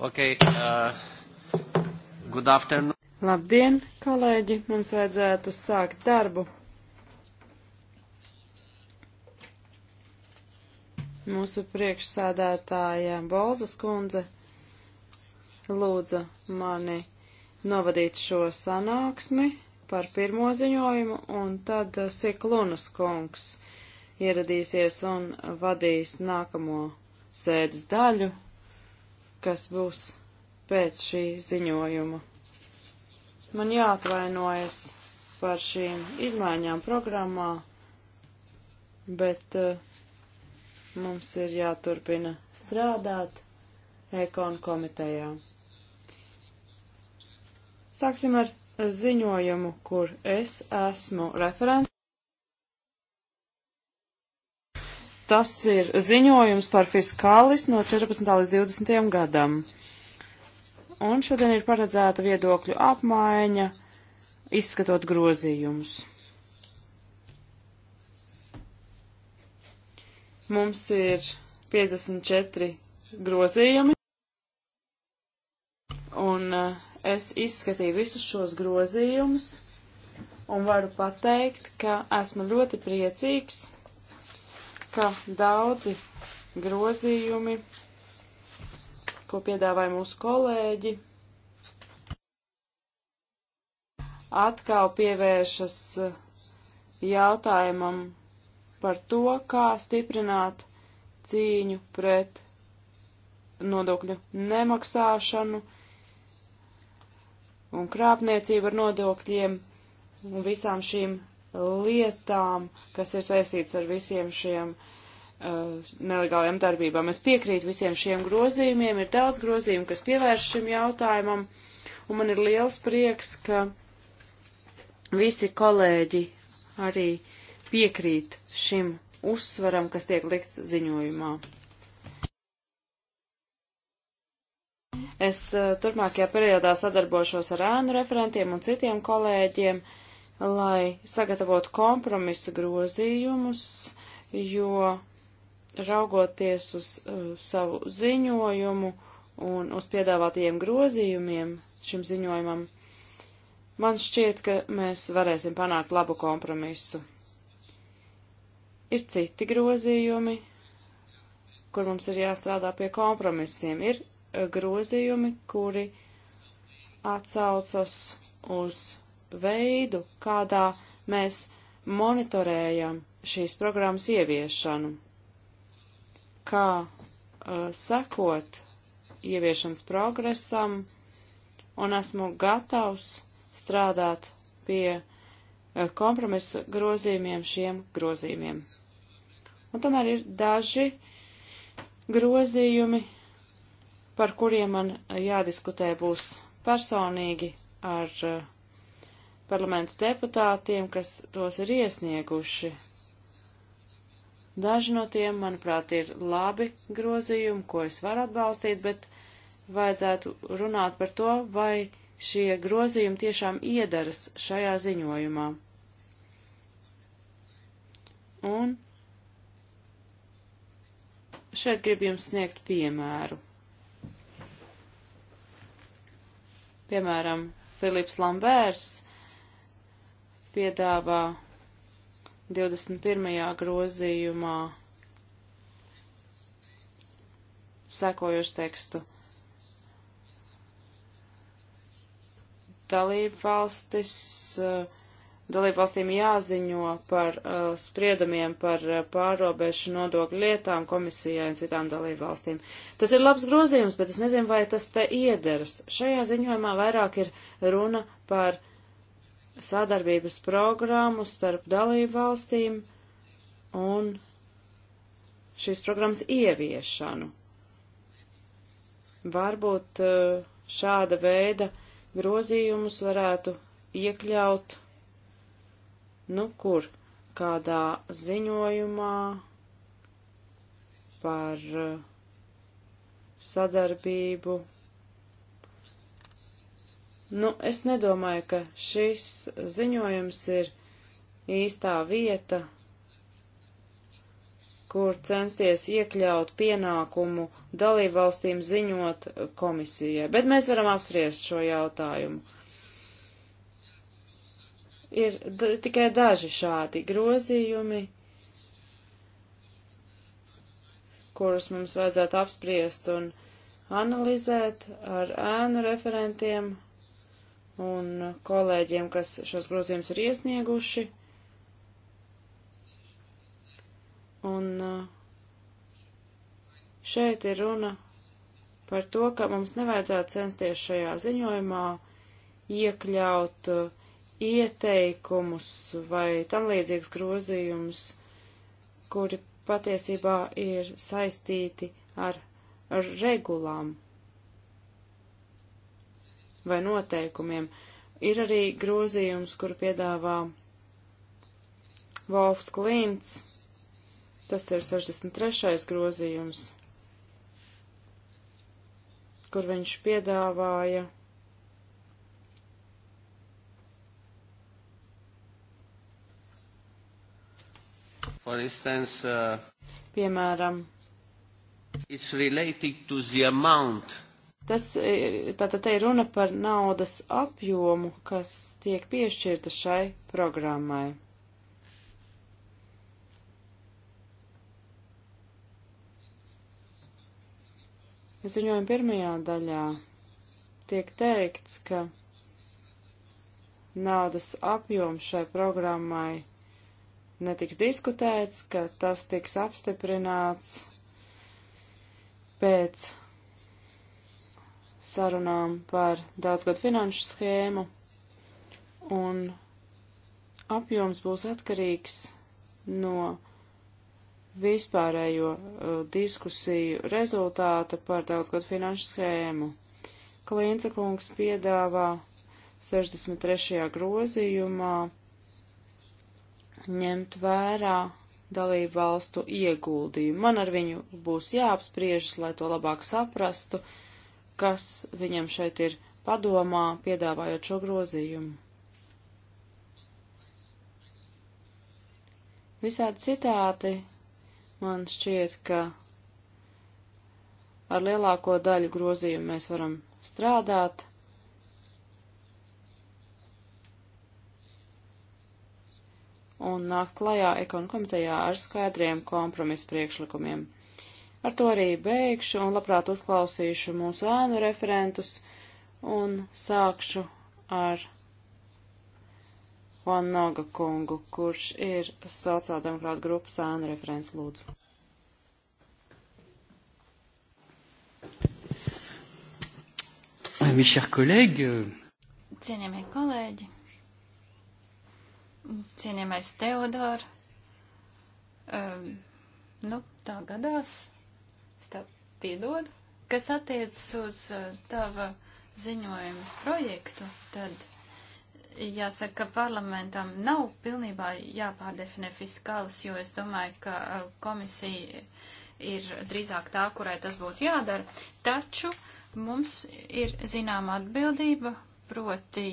Okay, uh, good afternoon. Labdien, kolēģi! Mums vajadzētu sākt darbu. Mūsu priekšsēdētāja Bolzas kundze lūdza mani novadīt šo sanāksmi par pirmo ziņojumu, un tad uh, Siklunas kungs ieradīsies un vadīs nākamo sēdes daļu, kas būs pēc šī ziņojuma. Man jāatvainojas par šīm izmaiņām programmā, bet uh, mums ir jāturpina strādāt ekonu komitejā. Sāksim ar ziņojumu, kur es esmu referents. Tas ir ziņojums par fiskālis no 14. līdz 20. gadam. Un šodien ir paredzēta viedokļu apmaiņa, izskatot grozījumus. Mums ir 54 grozījumi, un eh, es izskatīju visus šos grozījumus, un varu pateikt, ka esmu ļoti priecīgs ka daudzi grozījumi, ko piedāvāja mūsu kolēģi, atkal pievēršas eh, jautājumam par to, kā stiprināt cīņu pret nodokļu nemaksāšanu un krāpniecību ar nodokļiem un visām šīm lietām, kas ir saistīts ar visiem šiem uh, nelegāliem darbībām. Es piekrītu visiem šiem grozījumiem, ir daudz grozījumu, kas pievērš šim jautājumam, un man ir liels prieks, ka visi kolēģi arī piekrīt šim uzsvaram, kas tiek likts ziņojumā. Es uh, turpmākajā periodā sadarbošos ar ēnu referentiem un citiem kolēģiem. Uh, lai sagatavotu kompromisa grozījumus, jo raugoties uz uh, savu ziņojumu un uz piedāvātajiem grozījumiem šim ziņojumam, man šķiet, ka mēs varēsim panākt labu kompromisu. Ir citi grozījumi, kur mums ir jāstrādā pie kompromisiem. Ir uh, grozījumi, kuri atsaucas uz veidu, kādā mēs monitorējam šīs programmas ieviešanu, kā uh, sekot ieviešanas progresam, un esmu gatavs strādāt pie uh, kompromisa grozījumiem šiem grozījumiem. Un tomēr ir daži grozījumi, par kuriem man uh, jādiskutē būs personīgi ar uh, parlamentu deputātiem, kas tos ir iesnieguši. Daži no tiem, manuprāt, ir labi grozījumi, ko es varu atbalstīt, bet vajadzētu runāt par to, vai šie grozījumi tiešām iedaras šajā ziņojumā. Un šeit gribu jums sniegt piemēru. Piemēram, Filips Lambērs piedāvā 21. grozījumā sekojušu tekstu. Dalību valstis, eh, dalību valstīm jāziņo par eh, spriedumiem par eh, pārobežu nodokļu lietām komisijai un citām dalību valstīm. Tas ir labs grozījums, bet es nezinu, vai tas te iederas. Šajā ziņojumā vairāk ir runa par uh, sadarbības programmu starp dalību valstīm un šīs programmas ieviešanu. Varbūt eh, šāda veida grozījumus varētu iekļaut, nu kur, kādā ziņojumā par eh, sadarbību Nu, es nedomāju, ka šis ziņojums ir īstā vieta, kur censties iekļaut pienākumu dalībvalstīm ziņot komisijai, bet mēs varam apspriest šo jautājumu. Ir tikai daži šādi grozījumi, kurus mums vajadzētu apspriest un analizēt ar ēnu referentiem un kolēģiem, kas šos grozījumus ir iesnieguši. Un uh, šeit ir runa par to, ka mums nevajadzētu censties šajā ziņojumā iekļaut uh, ieteikumus vai tam līdzīgus grozījumus, kuri patiesībā ir saistīti ar, ar regulām vai noteikumiem. Ir arī grozījums, kuru piedāvā Volfs Klints, tas ir 63. grozījums, kur viņš piedāvāja For instance, uh, piemēram, it's related to the amount Tas, e, tātad te ir runa par naudas apjomu, kas tiek piešķirta šai programmai. Ziņojuma pirmajā daļā tiek teikts, ka naudas apjoms šai programmai netiks diskutēts, ka tas tiks apstiprināts pēc sarunām par daudzgad finanšu schēmu, un apjoms būs atkarīgs no vispārējo uh, diskusiju rezultāta par daudzgad finanšu schēmu. Klīnca kungs piedāvā 63. grozījumā ņemt vērā dalību valstu ieguldījumu. Man ar viņu būs jāapspriežas, lai to labāk saprastu, uh, kas viņam šeit ir padomā, piedāvājot šo grozījumu. Visādi citāti man šķiet, ka ar lielāko daļu grozījumu mēs varam strādāt. un nākt klajā ekonu komitejā ar skaidriem kompromisu priekšlikumiem. Ar to arī beigšu un labprāt uzklausīšu mūsu ēnu referentus un sākšu ar Juan Noga kungu, kurš ir sociāldemokrāta grupas ēnu referents lūdzu. Ah, mes chers collègues, euh, Cienījamie kolēģi, cienījamais Teodor, um, nu, tā gadās. Piedod, kas attiecas uz eh, tava ziņojuma projektu, tad jāsaka, ka parlamentam nav pilnībā jāpārdefinē fiskāls, jo es domāju, ka eh, komisija ir drīzāk tā, kurai tas būtu jādara. Taču mums ir zināma atbildība, proti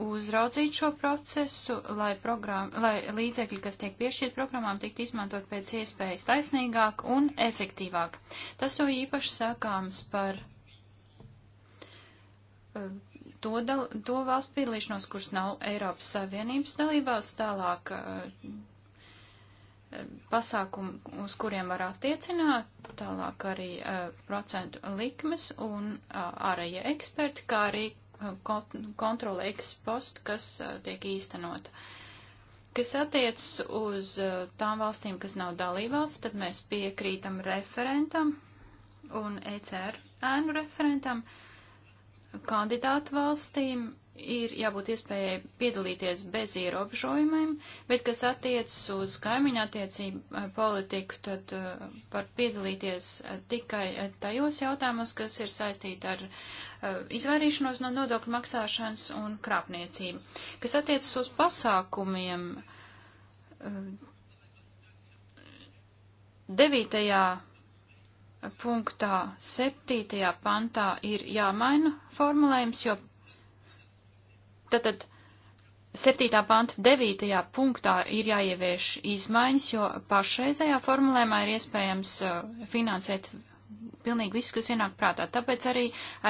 uzraudzīt šo procesu, lai, program, lai līdzekļi, kas tiek piešķirt programmām, tiktu izmantot pēc iespējas taisnīgāk un efektīvāk. Tas jau īpaši sākāms par eh, to, dal, to valstu piedalīšanos, kuras nav Eiropas Savienības dalībās, tālāk eh, pasākumu, uz kuriem var attiecināt, tālāk arī uh, procentu likmes un uh, ārējie eksperti, kā arī kontrola ekspost, kas eh, tiek īstenota. Kas attiecas uz eh, tām valstīm, kas nav dalībvalsts, tad mēs piekrītam referentam un ECR ēnu referentam. Kandidātu valstīm ir jābūt iespējai piedalīties bez ierobežojumiem, bet kas attiecas uz kaimiņu attiecību eh, politiku, tad var piedalīties tikai tajos jautājumos, kas ir saistīti ar uh, Eh, izvairīšanos no nodokļu maksāšanas un krāpniecību. Kas attiecas uz pasākumiem, 9. Eh, punktā, 7. pantā ir jāmaina formulējums, jo tātad 7. panta 9. punktā ir jāievieš izmaiņas, jo pašreizējā formulējumā ir iespējams eh, finansēt pilnīgi visu, kas ienāk prātā. Tāpēc arī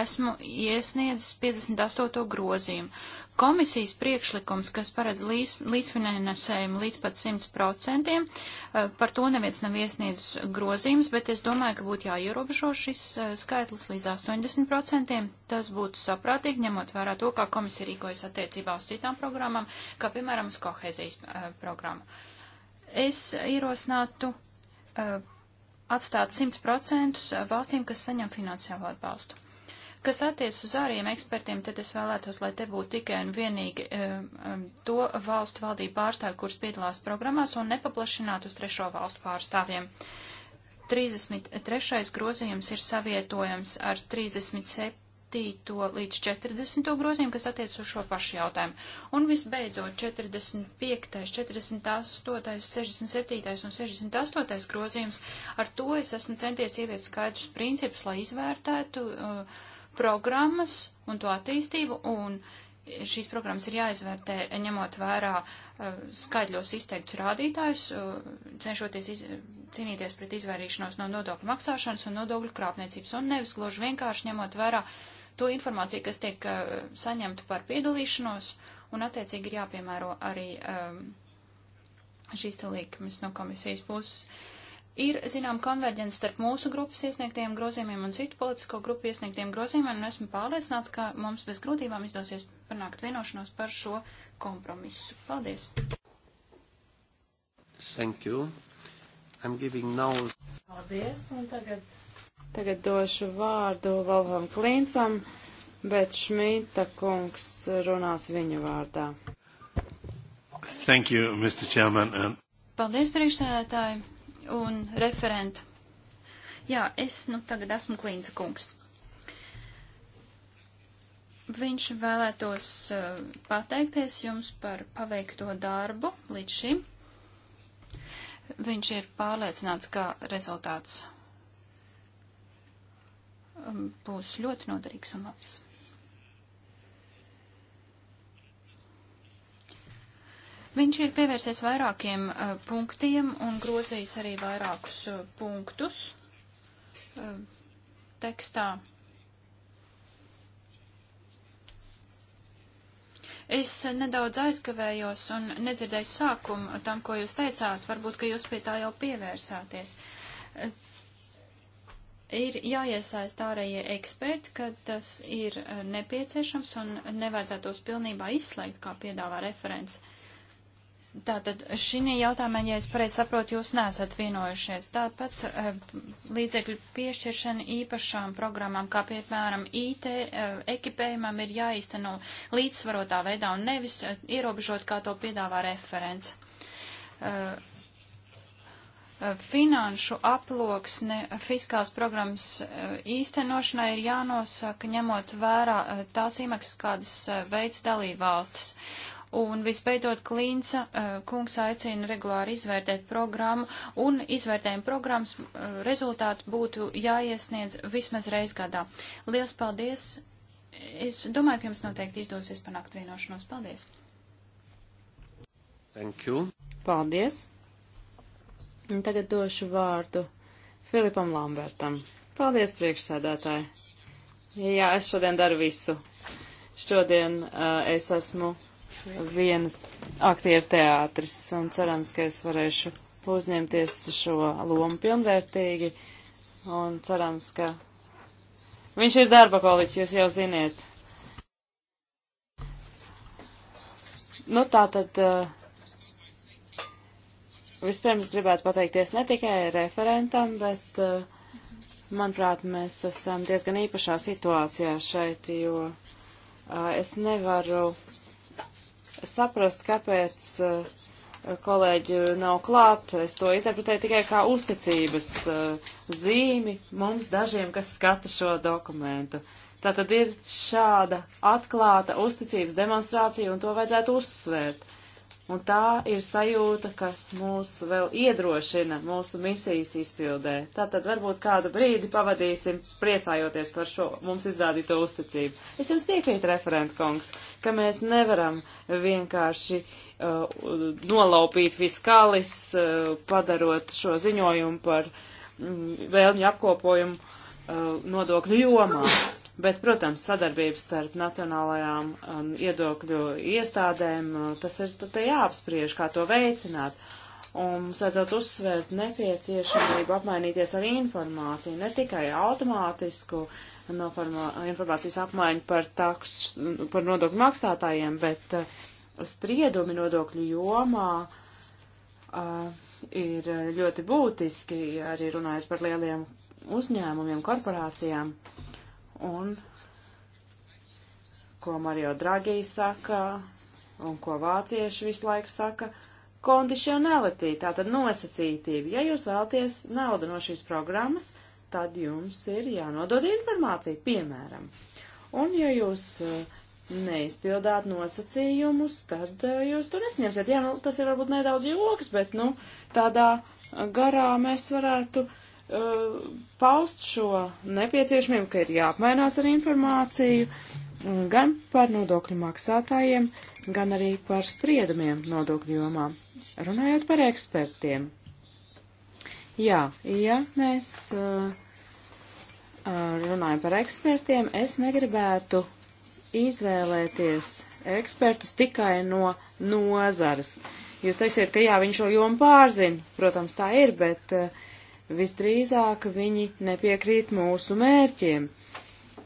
esmu iesniedzis 58. grozījumu. Komisijas priekšlikums, kas paredz līdz, līdzfinansējumu līdz pat 100%, eh, par to neviens nav iesniedzis grozījums, bet es domāju, ka būtu jāierobežo šis eh, skaitlis līdz 80%. Tas būtu saprātīgi, ņemot vērā to, kā komisija rīkojas attiecībā uz citām programmām, kā piemēram uz kohēzijas eh, programmu. Es ierosinātu atstāt 100% valstīm, kas saņem finansiālo atbalstu. Kas attiec uz āriem ekspertiem, tad es vēlētos, lai te būtu tikai un vienīgi um, um, to valstu valdību pārstāvi, kuras piedalās programmās un nepaplašināt uz trešo valstu pārstāvjiem. 33. grozījums ir savietojams ar 37. 7. līdz 40. grozījumu, kas attiec uz šo pašu jautājumu. Un visbeidzot, 45., 48., 67. un 68. grozījums, ar to es esmu centies ieviest skaidrus principus, lai izvērtētu uh, programmas un to attīstību, un šīs programmas ir jāizvērtē, ņemot vērā uh, skaidļos izteiktus rādītājus, uh, cenšoties iz, cīnīties pret izvairīšanos no nodokļu maksāšanas un nodokļu krāpniecības, un nevis gluži vienkārši ņemot vērā uh, to informāciju, kas tiek uh, saņemta par piedalīšanos, un attiecīgi ir jāpiemēro arī um, šīs te līkumas no komisijas puses. Ir, zinām, konverģence starp mūsu grupas iesniegtiem grozījumiem un citu politisko grupu iesniegtiem grozījumiem, un esmu pārliecināts, ka mums bez grūtībām izdosies panākt vienošanos par šo kompromisu. Paldies! Thank you. I'm giving now. Paldies, un tagad Tagad došu vārdu Volvam Klīncam, bet Šmita kungs runās viņu vārdā. Thank you, Mr. Chairman. And... Paldies, priekšsēdētāji un referenti. Jā, es nu tagad esmu Klīnca kungs. Viņš vēlētos uh, pateikties jums par paveikto darbu līdz šim. Viņš ir pārliecināts, ka rezultāts Um, būs ļoti noderīgs un labs. Viņš ir pievērsies vairākiem uh, punktiem un grozījis arī vairākus uh, punktus uh, tekstā. Es uh, nedaudz aizkavējos un nedzirdēju sākumu tam, ko jūs teicāt. Varbūt, ka jūs pie tā jau pievērsāties. Uh, ir jāiesaist ārējie eksperti, kad tas ir e, nepieciešams un nevajadzētu tos pilnībā izslēgt, kā piedāvā referents. Tātad šī jautājumā, ja es pareizi saprotu, jūs nesat vienojušies. Tāpat e, līdzekļu piešķiršana īpašām programmām, kā piemēram IT e, ekipējumam, ir jāīsteno līdzsvarotā veidā un nevis ierobežot, kā to piedāvā referents finanšu aploksne fiskāls programmas e, īstenošanai ir jānosaka ņemot vērā e, tās iemaksas, kādas e, veids dalībvalstis. Un visbeidzot, Klīnca kungs aicina regulāri izvērtēt programmu, un izvērtējuma programmas rezultāti būtu jāiesniedz vismaz reiz gadā. Lielas paldies! Es domāju, ka jums noteikti izdosies panākt vienošanos. Paldies! Thank you! Paldies! Un tagad došu vārdu Filipam Lambertam. Paldies, priekšsēdētāji! Jā, es šodien daru visu. Šodien uh, es esmu viena aktieru teātris un cerams, ka es varēšu uzņemties šo lomu pilnvērtīgi un cerams, ka viņš ir darba kolīķis, jūs jau ziniet. Nu tā tad. Uh, Vispirms gribētu pateikties ne tikai referentam, bet, uh, manuprāt, mēs esam diezgan īpašā situācijā šeit, jo uh, es nevaru saprast, kāpēc uh, kolēģi nav klāt. Es to interpretēju tikai kā uzticības uh, zīmi mums dažiem, kas skata šo dokumentu. Tā tad ir šāda atklāta uzticības demonstrācija, un to vajadzētu uzsvērt. Un tā ir sajūta, kas mūs vēl iedrošina mūsu misijas izpildē. Tātad varbūt kādu brīdi pavadīsim priecājoties par šo mums izrādīto uzticību. Es jums piekrītu, referent kungs, ka mēs nevaram vienkārši uh, nolaupīt fiskālis, uh, padarot šo ziņojumu par mm, vēlņu apkopojumu uh, nodokļu jomā. Bet, protams, sadarbības starp nacionālajām um, iedokļu iestādēm, uh, tas ir te jāapspriež, kā to veicināt. Un mums vajadzētu uzsvērt nepieciešamību apmainīties ar informāciju, ne tikai automātisku noformā, informācijas apmaiņu par, taks, par nodokļu maksātājiem, bet uh, spriedumi nodokļu jomā. Uh, ir ļoti būtiski, arī runājot par lieliem uzņēmumiem, korporācijām. Uh, un ko Mario Draghi saka un ko vācieši visu laiku saka - conditionality, tātad nosacītība. Ja jūs vēlties naudu no šīs programmas, tad jums ir jānodod informācija, piemēram. Un ja jūs eh, neizpildāt nosacījumus, tad eh, jūs to nesņemsiet. Jā, nu, tas ir varbūt nedaudz joks, bet, nu, tādā garā mēs varētu uh, uh, paust šo nepieciešamību, ka ir jāapmainās ar informāciju gan par nodokļu maksātājiem, gan arī par spriedumiem nodokļu jomā. Runājot par ekspertiem. Jā, ja mēs uh, runājam par ekspertiem, es negribētu izvēlēties ekspertus tikai no nozares. Jūs teiksiet, ka jā, viņš šo jomu pārzina, protams, tā ir, bet uh, visdrīzāk viņi nepiekrīt mūsu mērķiem.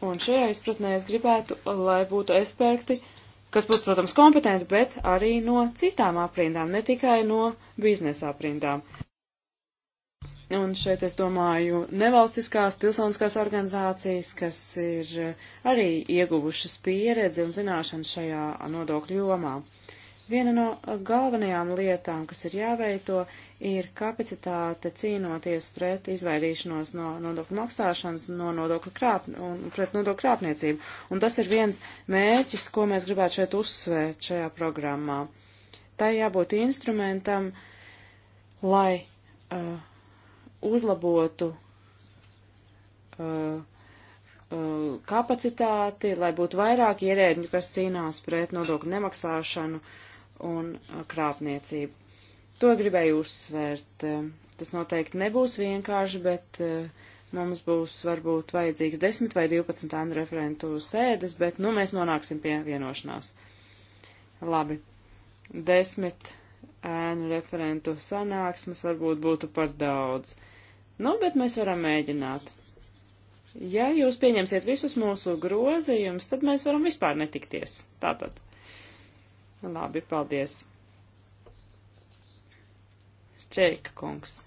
Un šajā izpratnē es gribētu, lai būtu eksperti, kas būtu, protams, kompetenti, bet arī no citām aprindām, ne tikai no biznesa aprindām. Un šeit es domāju nevalstiskās pilsoniskās organizācijas, kas ir arī ieguvušas pieredzi un zināšanas šajā nodokļu jomā. Viena no galvenajām lietām, kas ir jāveito, ir kapacitāte cīnoties pret izvairīšanos no nodokļu maksāšanas, no nodokļu krāp, un pret nodokļu krāpniecību. Un tas ir viens mēķis, ko mēs gribētu šeit uzsvērt šajā programmā. Tā jābūt instrumentam, lai uh, uzlabotu uh, uh kapacitāti, lai būtu vairāk ierēģi, kas cīnās pret nodokļu nemaksāšanu un uh, krāpniecību. To gribēju uzsvērt. Tas noteikti nebūs vienkārši, bet eh, mums būs varbūt vajadzīgs 10 vai 12 ēnu referentu sēdes, bet nu mēs nonāksim pie vienošanās. Labi. 10 ēnu referentu sanāksmes varbūt būtu par daudz. Nu, bet mēs varam mēģināt. Ja jūs pieņemsiet visus mūsu grozījumus, tad mēs varam vispār netikties. Tātad. Labi, paldies. Streika kungs.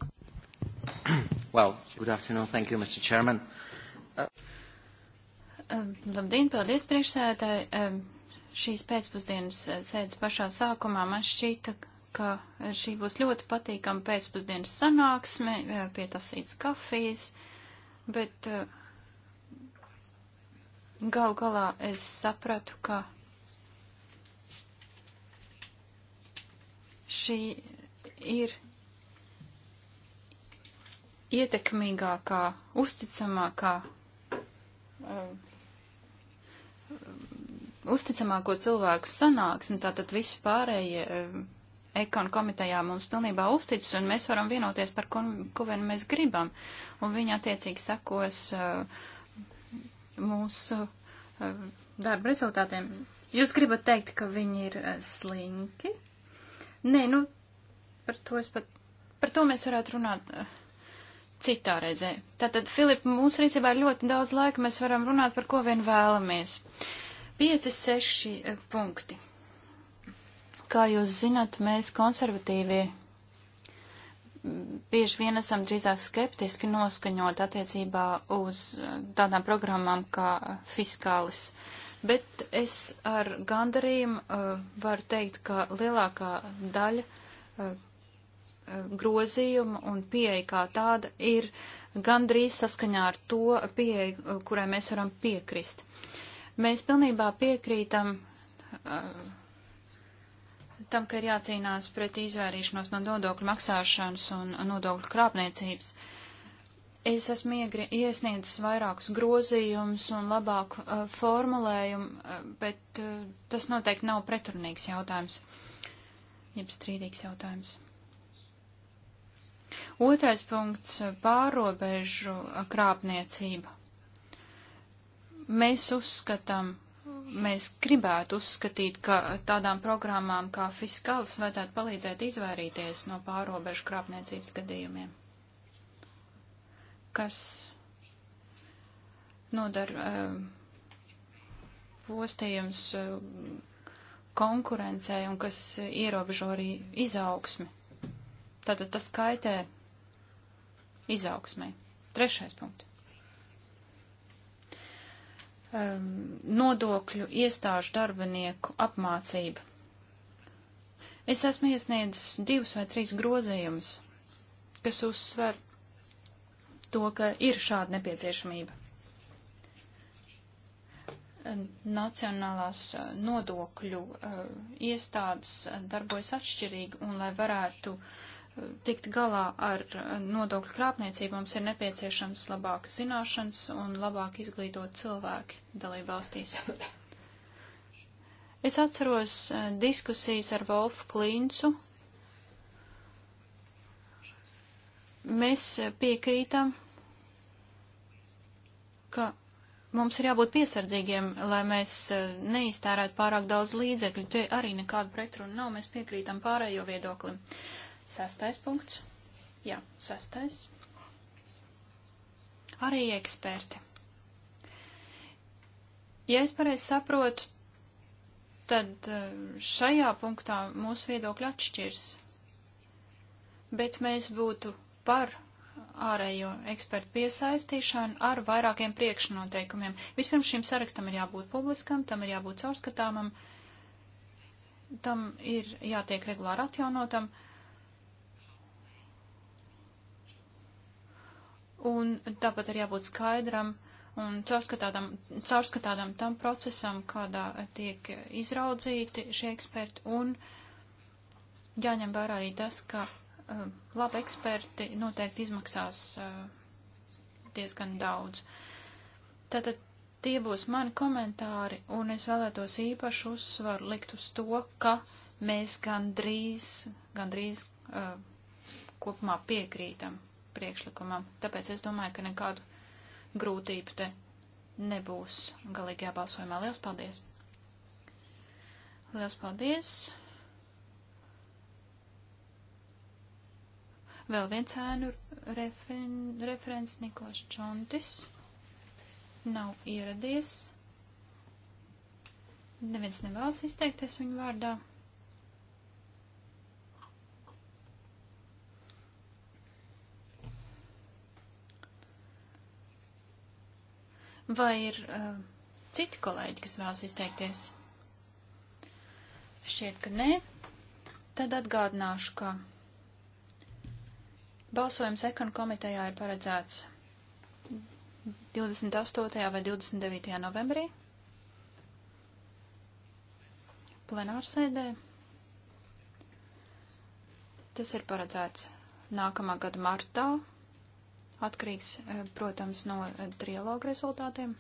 Well, good afternoon. Thank you, Mr. Chairman. Uh... Labdien, paldies priekšsēdētāji. Uh, šīs pēcpusdienas uh, sēdes pašā sākumā man šķita, ka uh, šī būs ļoti patīkama pēcpusdienas sanāksme, uh, pie tas īts kafijas, bet uh, gal galā es sapratu, ka šī ir ietekmīgākā, uzticamākā, uh, uzticamāko cilvēku sanāksmi, tātad visi pārējie uh, ekonu komitejā mums pilnībā uzticas, un mēs varam vienoties par ko, ko vien mēs gribam, un viņi attiecīgi sekos uh, mūsu uh, darba rezultātiem. Jūs gribat teikt, ka viņi ir uh, slinki? Nē, nu, par to es pat, par to mēs varētu runāt. Uh, citā reizē. Tātad, Filip, mūsu rīcībā ir ļoti daudz laika, mēs varam runāt par ko vien vēlamies. 5, 6 eh, punkti. Kā jūs zināt, mēs konservatīvie mm, bieži vien esam drīzāk skeptiski noskaņot attiecībā uz eh, tādām programmām kā eh, fiskālis. Bet es ar gandarījumu uh, varu teikt, ka lielākā daļa uh, grozījumu un pieeja kā tāda ir gandrīz saskaņā ar to pieeju, kurai mēs varam piekrist. Mēs pilnībā piekrītam uh, tam, ka ir jācīnās pret izvairīšanos no nodokļu maksāšanas un nodokļu krāpniecības. Es esmu iesniedzis vairākus grozījumus un labāku uh, formulējumu, uh, bet uh, tas noteikti nav pretrunīgs jautājums, jeb strīdīgs jautājums. Otrais punkts - pārobežu krāpniecība. Mēs uzskatām, mēs gribētu uzskatīt, ka tādām programmām kā fiskāls vajadzētu palīdzēt izvairīties no pārobežu krāpniecības gadījumiem, kas nodara eh, postījums eh, konkurencei un kas ierobežo arī izaugsmi. Tātad tas kaitē izaugsmai. Trešais punkts. Um, nodokļu iestāžu darbinieku apmācība. Es esmu iesniedzis divus vai trīs grozījumus, kas uzsver to, ka ir šāda nepieciešamība. Ehm, nacionālās eh, nodokļu uh, iestādes darbojas atšķirīgi, un lai varētu uh, tikt galā ar nodokļu krāpniecību, mums ir nepieciešams labākas zināšanas un labāk izglītot cilvēki dalībvalstīs. Es atceros eh, diskusijas ar Wolfu Klīncu. Mēs eh, piekrītam, ka mums ir jābūt piesardzīgiem, lai mēs eh, neiztērētu pārāk daudz līdzekļu. Te arī nekādu pretrunu nav, mēs piekrītam pārējo viedoklim. Uh, Sastais punkts. Jā, sastais. Arī eksperti. Ja es pareizi saprotu, tad eh, šajā punktā mūsu viedokļi atšķirs. Bet mēs būtu par ārējo ekspertu piesaistīšanu ar vairākiem priekšnoteikumiem. Vispirms šim sarakstam ir jābūt publiskam, tam ir jābūt caurskatāmam, tam ir jātiek regulāri atjaunotam. Uh, Un tāpat ir jābūt skaidram un caurskatādam, caurskatādam tam procesam, kādā tiek izraudzīti šie eksperti, un jāņem vērā arī tas, ka uh, labi eksperti noteikti izmaksās uh, diezgan daudz. Tātad tie būs mani komentāri, un es vēlētos īpašu uzsvaru likt uz to, ka mēs gandrīz, gandrīz uh, kopumā piekrītam priekšlikumam. Tāpēc es domāju, ka nekādu grūtību te nebūs galīgajā balsojumā. Lielas paldies! Lielas paldies! Vēl viens ēnu refen, referents Niklaus Čontis nav ieradies. Neviens nevēlas izteikties viņu vārdā. Vai ir uh, citi kolēģi, kas vēlas izteikties? Šķiet, ka nē. Tad atgādināšu, ka balsojums ekonu komitejā ir paredzēts 28. vai 29. novembrī plenārsēdē. Tas ir paredzēts nākamā gada martā, atkarīgs, e, protams, no e, trialoga rezultātiem.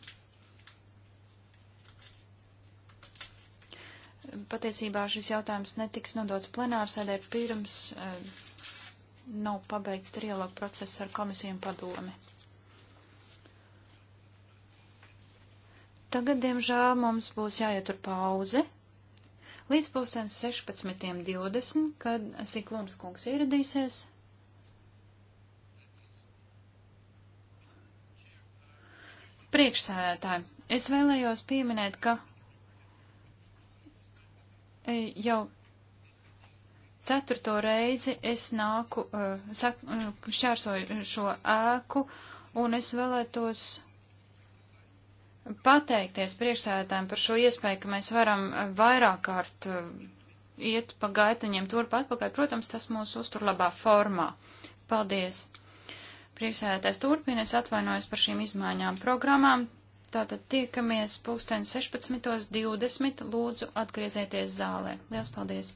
Patiesībā šis jautājums netiks nodots plenārsēdē pirms e, nav pabeigts trialoga process ar komisiju un padomi. Tagad, diemžēl, mums būs jāietur pauze līdz pusdienas 16.20, kad Siklums kungs ieradīsies. priekšsēdētāji, es vēlējos pieminēt, ka e, jau ceturto reizi es nāku, uh, sak, uh, šķērsoju šo ēku, un es vēlētos pateikties priekšsēdētājiem par šo iespēju, ka mēs varam vairāk kārt uh, iet pa gaitaņiem turp atpakaļ. Protams, tas mūs uztur labā formā. Paldies! Priekšsēdētājs turpina, es atvainojos par šīm izmaiņām programmām. Tātad tiekamies pulksten 16.20. Lūdzu, atgriezieties zālē. Lielas paldies!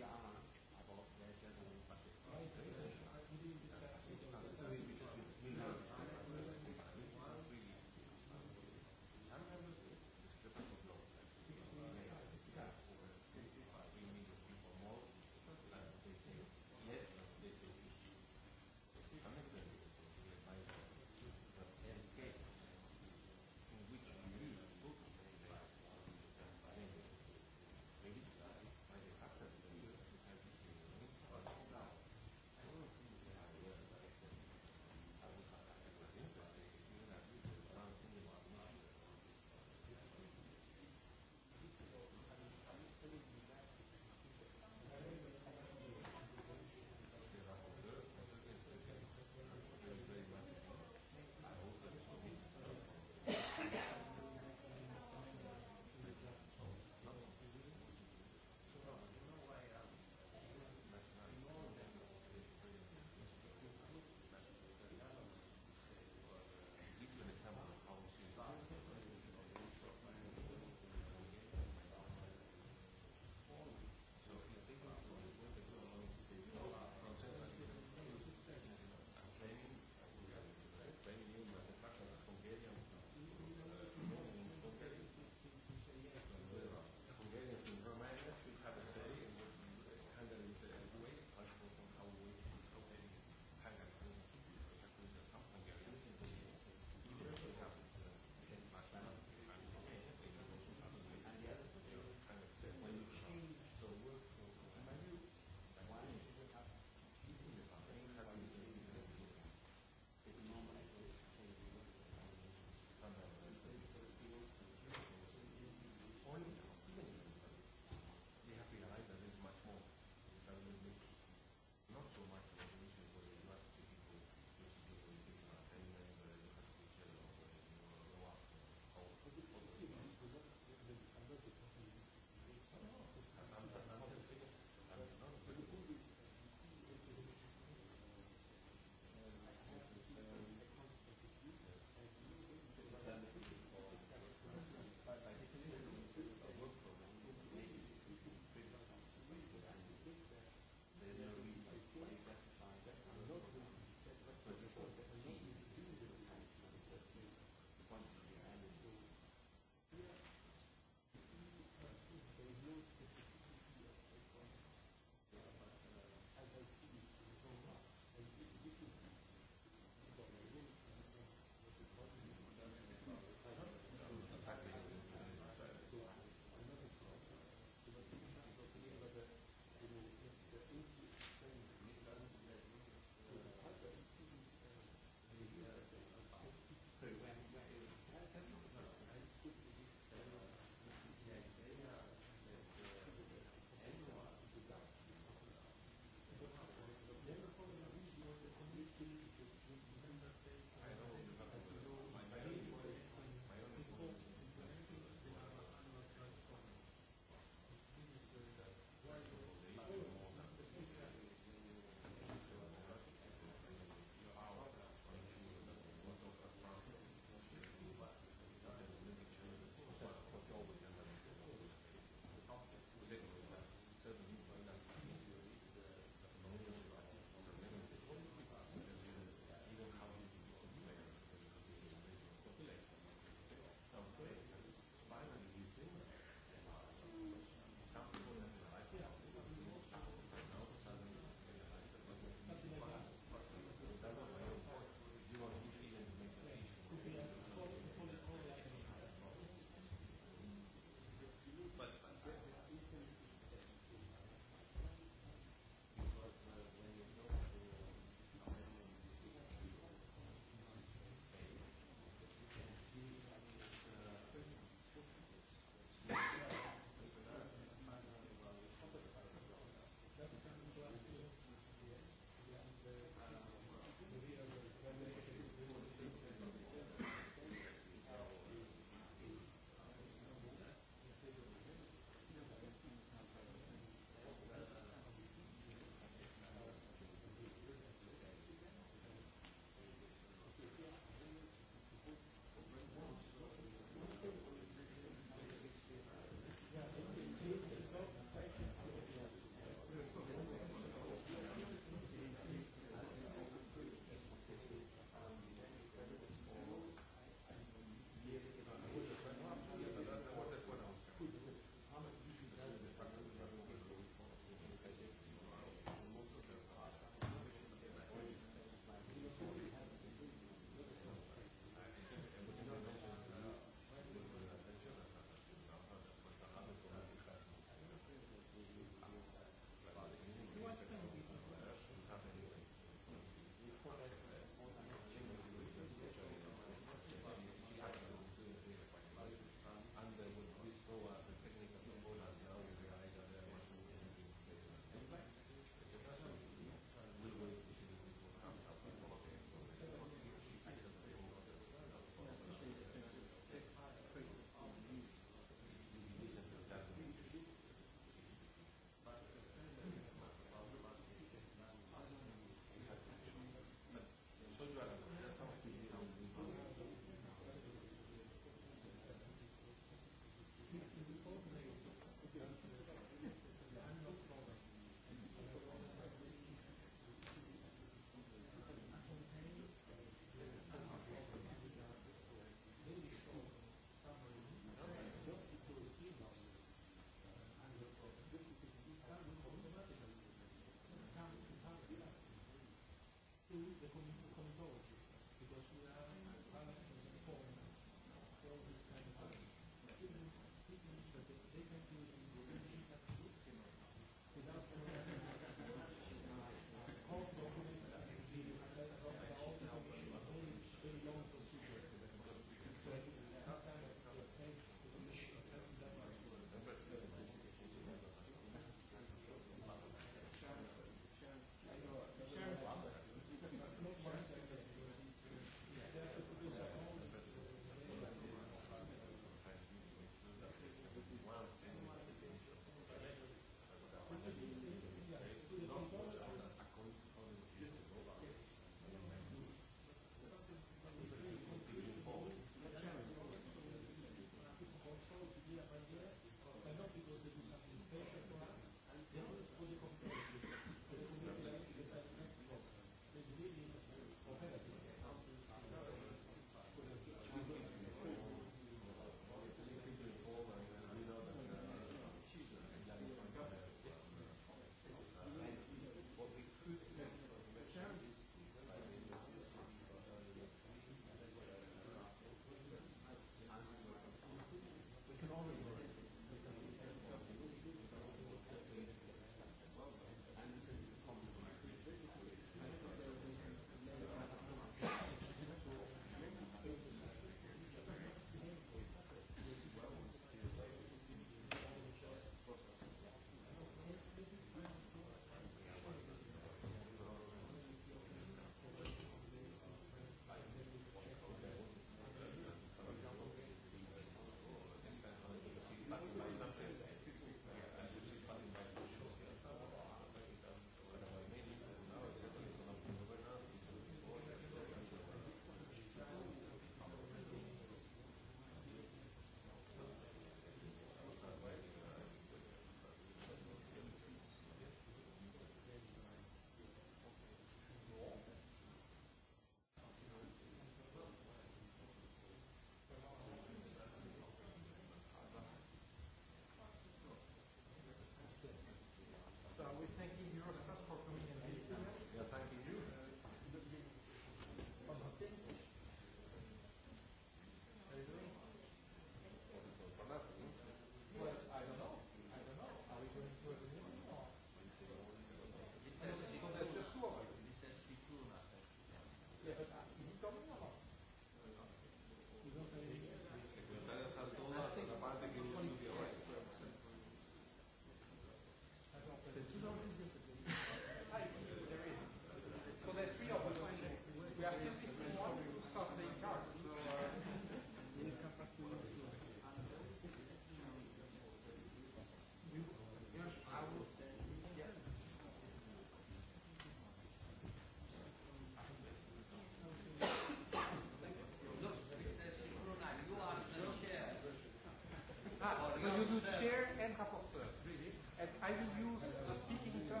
So you do chair and rapporteur. Really? And I will use the speaking term.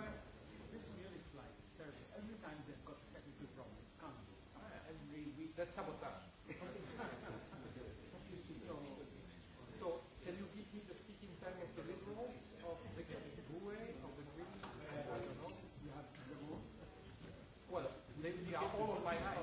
This really flight is terrible. Every time they've got technical problems, can't you? Every week. That's sabotage. so, so can you give me the speaking time of the liberals, of the GUE, of the Greens? I don't know. You have the Well, they, they are all on my hand.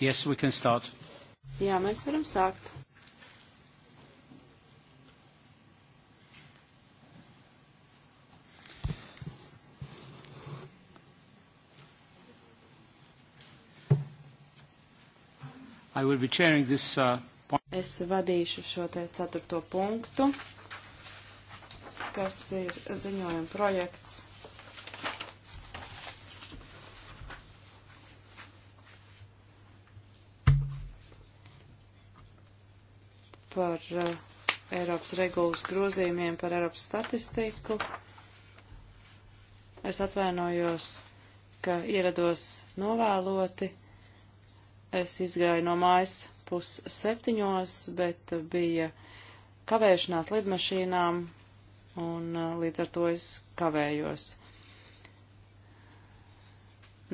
Yes, we can start. Jā, mēs varam sākt. I will be chairing this uh, point. Es vadīšu šo te ceturto punktu, kas ir ziņojuma projekts par uh, Eiropas regulas grozījumiem par Eiropas statistiku. Es atvainojos, ka ierados novēloti. Es izgāju no mājas pus septiņos, bet bija kavēšanās lidmašīnām un uh, līdz ar to es kavējos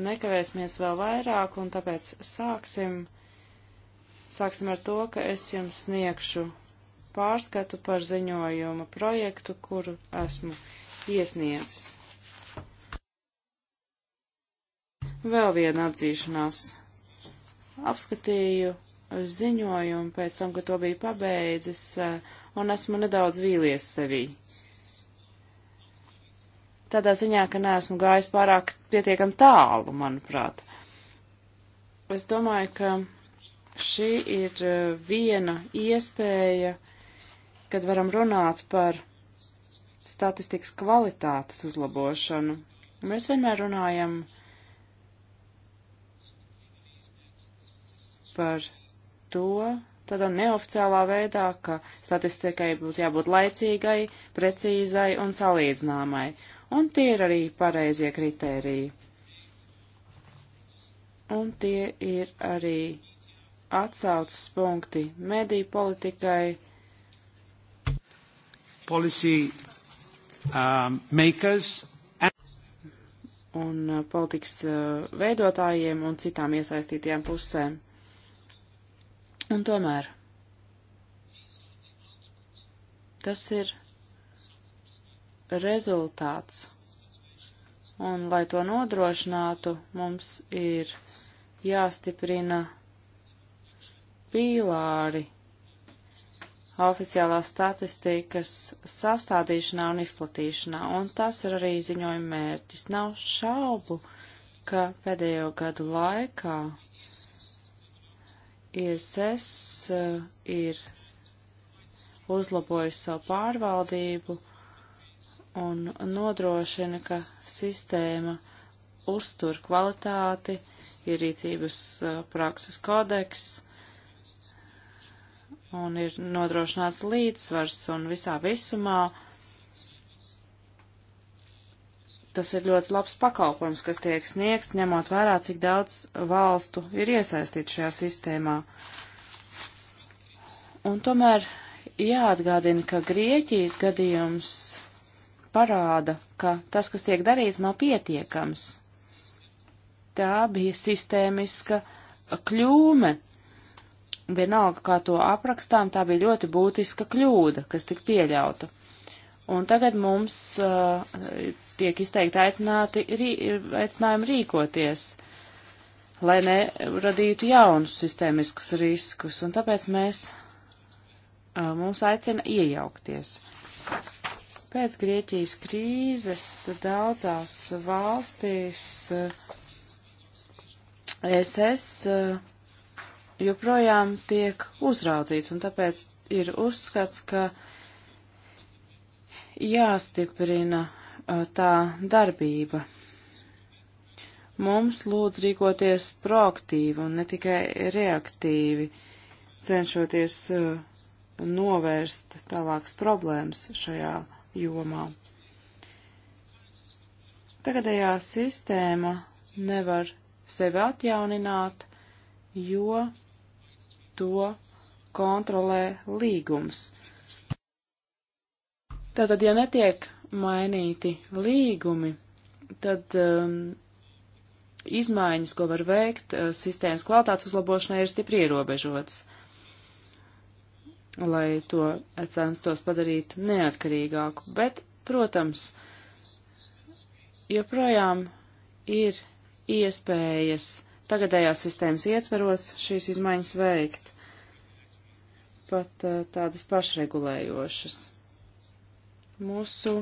nekavēsimies vēl vairāk, un tāpēc sāksim Sāksim ar to, ka es jums sniegšu pārskatu par ziņojuma projektu, kuru esmu iesniedzis. Vēl viena atzīšanās. Apskatīju ziņojumu pēc tam, ka to biju pabeidzis, eh, un esmu nedaudz vīlies sevī. Tādā ziņā, ka neesmu gājis pārāk pietiekam tālu, manuprāt. Es domāju, ka Šī ir e, viena iespēja, kad varam runāt par statistikas kvalitātes uzlabošanu. Mēs vienmēr runājam par to tādā neoficiālā veidā, ka statistikai būtu jābūt laicīgai, precīzai un salīdzināmai. Un tie ir arī pareizie kritēriji. Un tie ir arī atsaucas punkti mediju politikai. Policy um, makers un uh, politikas uh, veidotājiem un citām iesaistītajām pusēm. Un tomēr tas ir rezultāts. Un, lai to nodrošinātu, mums ir jāstiprina pīlāri oficiālās statistikas sastādīšanā un izplatīšanā, un tas ir arī ziņojuma mērķis. Nav šaubu, ka pēdējo gadu laikā ISS eh, ir uzlabojis savu pārvaldību un nodrošina, ka sistēma uztur kvalitāti, ir rīcības eh, prakses kodeks, un ir nodrošināts līdzsvars un visā visumā. Tas ir ļoti labs pakalpojums, kas tiek sniegts, ņemot vērā, cik daudz valstu ir iesaistīti šajā sistēmā. Un tomēr jāatgādina, ka Grieķijas gadījums parāda, ka tas, kas tiek darīts, nav pietiekams. Tā bija sistēmiska kļūme, vienalga, kā to aprakstām, tā bija ļoti būtiska kļūda, kas tika pieļauta. Un tagad mums uh, tiek izteikti aicināti, rī, aicinājumi rīkoties, lai neradītu jaunus sistēmiskus riskus, un tāpēc mēs, uh, mums aicina iejaukties. Pēc Grieķijas krīzes daudzās valstīs uh, SS uh, joprojām tiek uzraudzīts, un tāpēc ir uzskats, ka jāstiprina tā darbība. Mums lūdz rīkoties proaktīvi un ne tikai reaktīvi, cenšoties novērst tālākas problēmas šajā jomā. Tagadējā sistēma nevar sevi atjaunināt, jo to kontrolē līgums. Tātad, ja netiek mainīti līgumi, tad um, izmaiņas, ko var veikt uh, sistēmas kvalitātes uzlabošanai, ir stipri ierobežotas, lai to censtos padarīt neatkarīgāku. Bet, protams, joprojām ir iespējas tagadējās sistēmas ietveros šīs izmaiņas veikt, pat eh, tādas pašregulējošas. Mūsu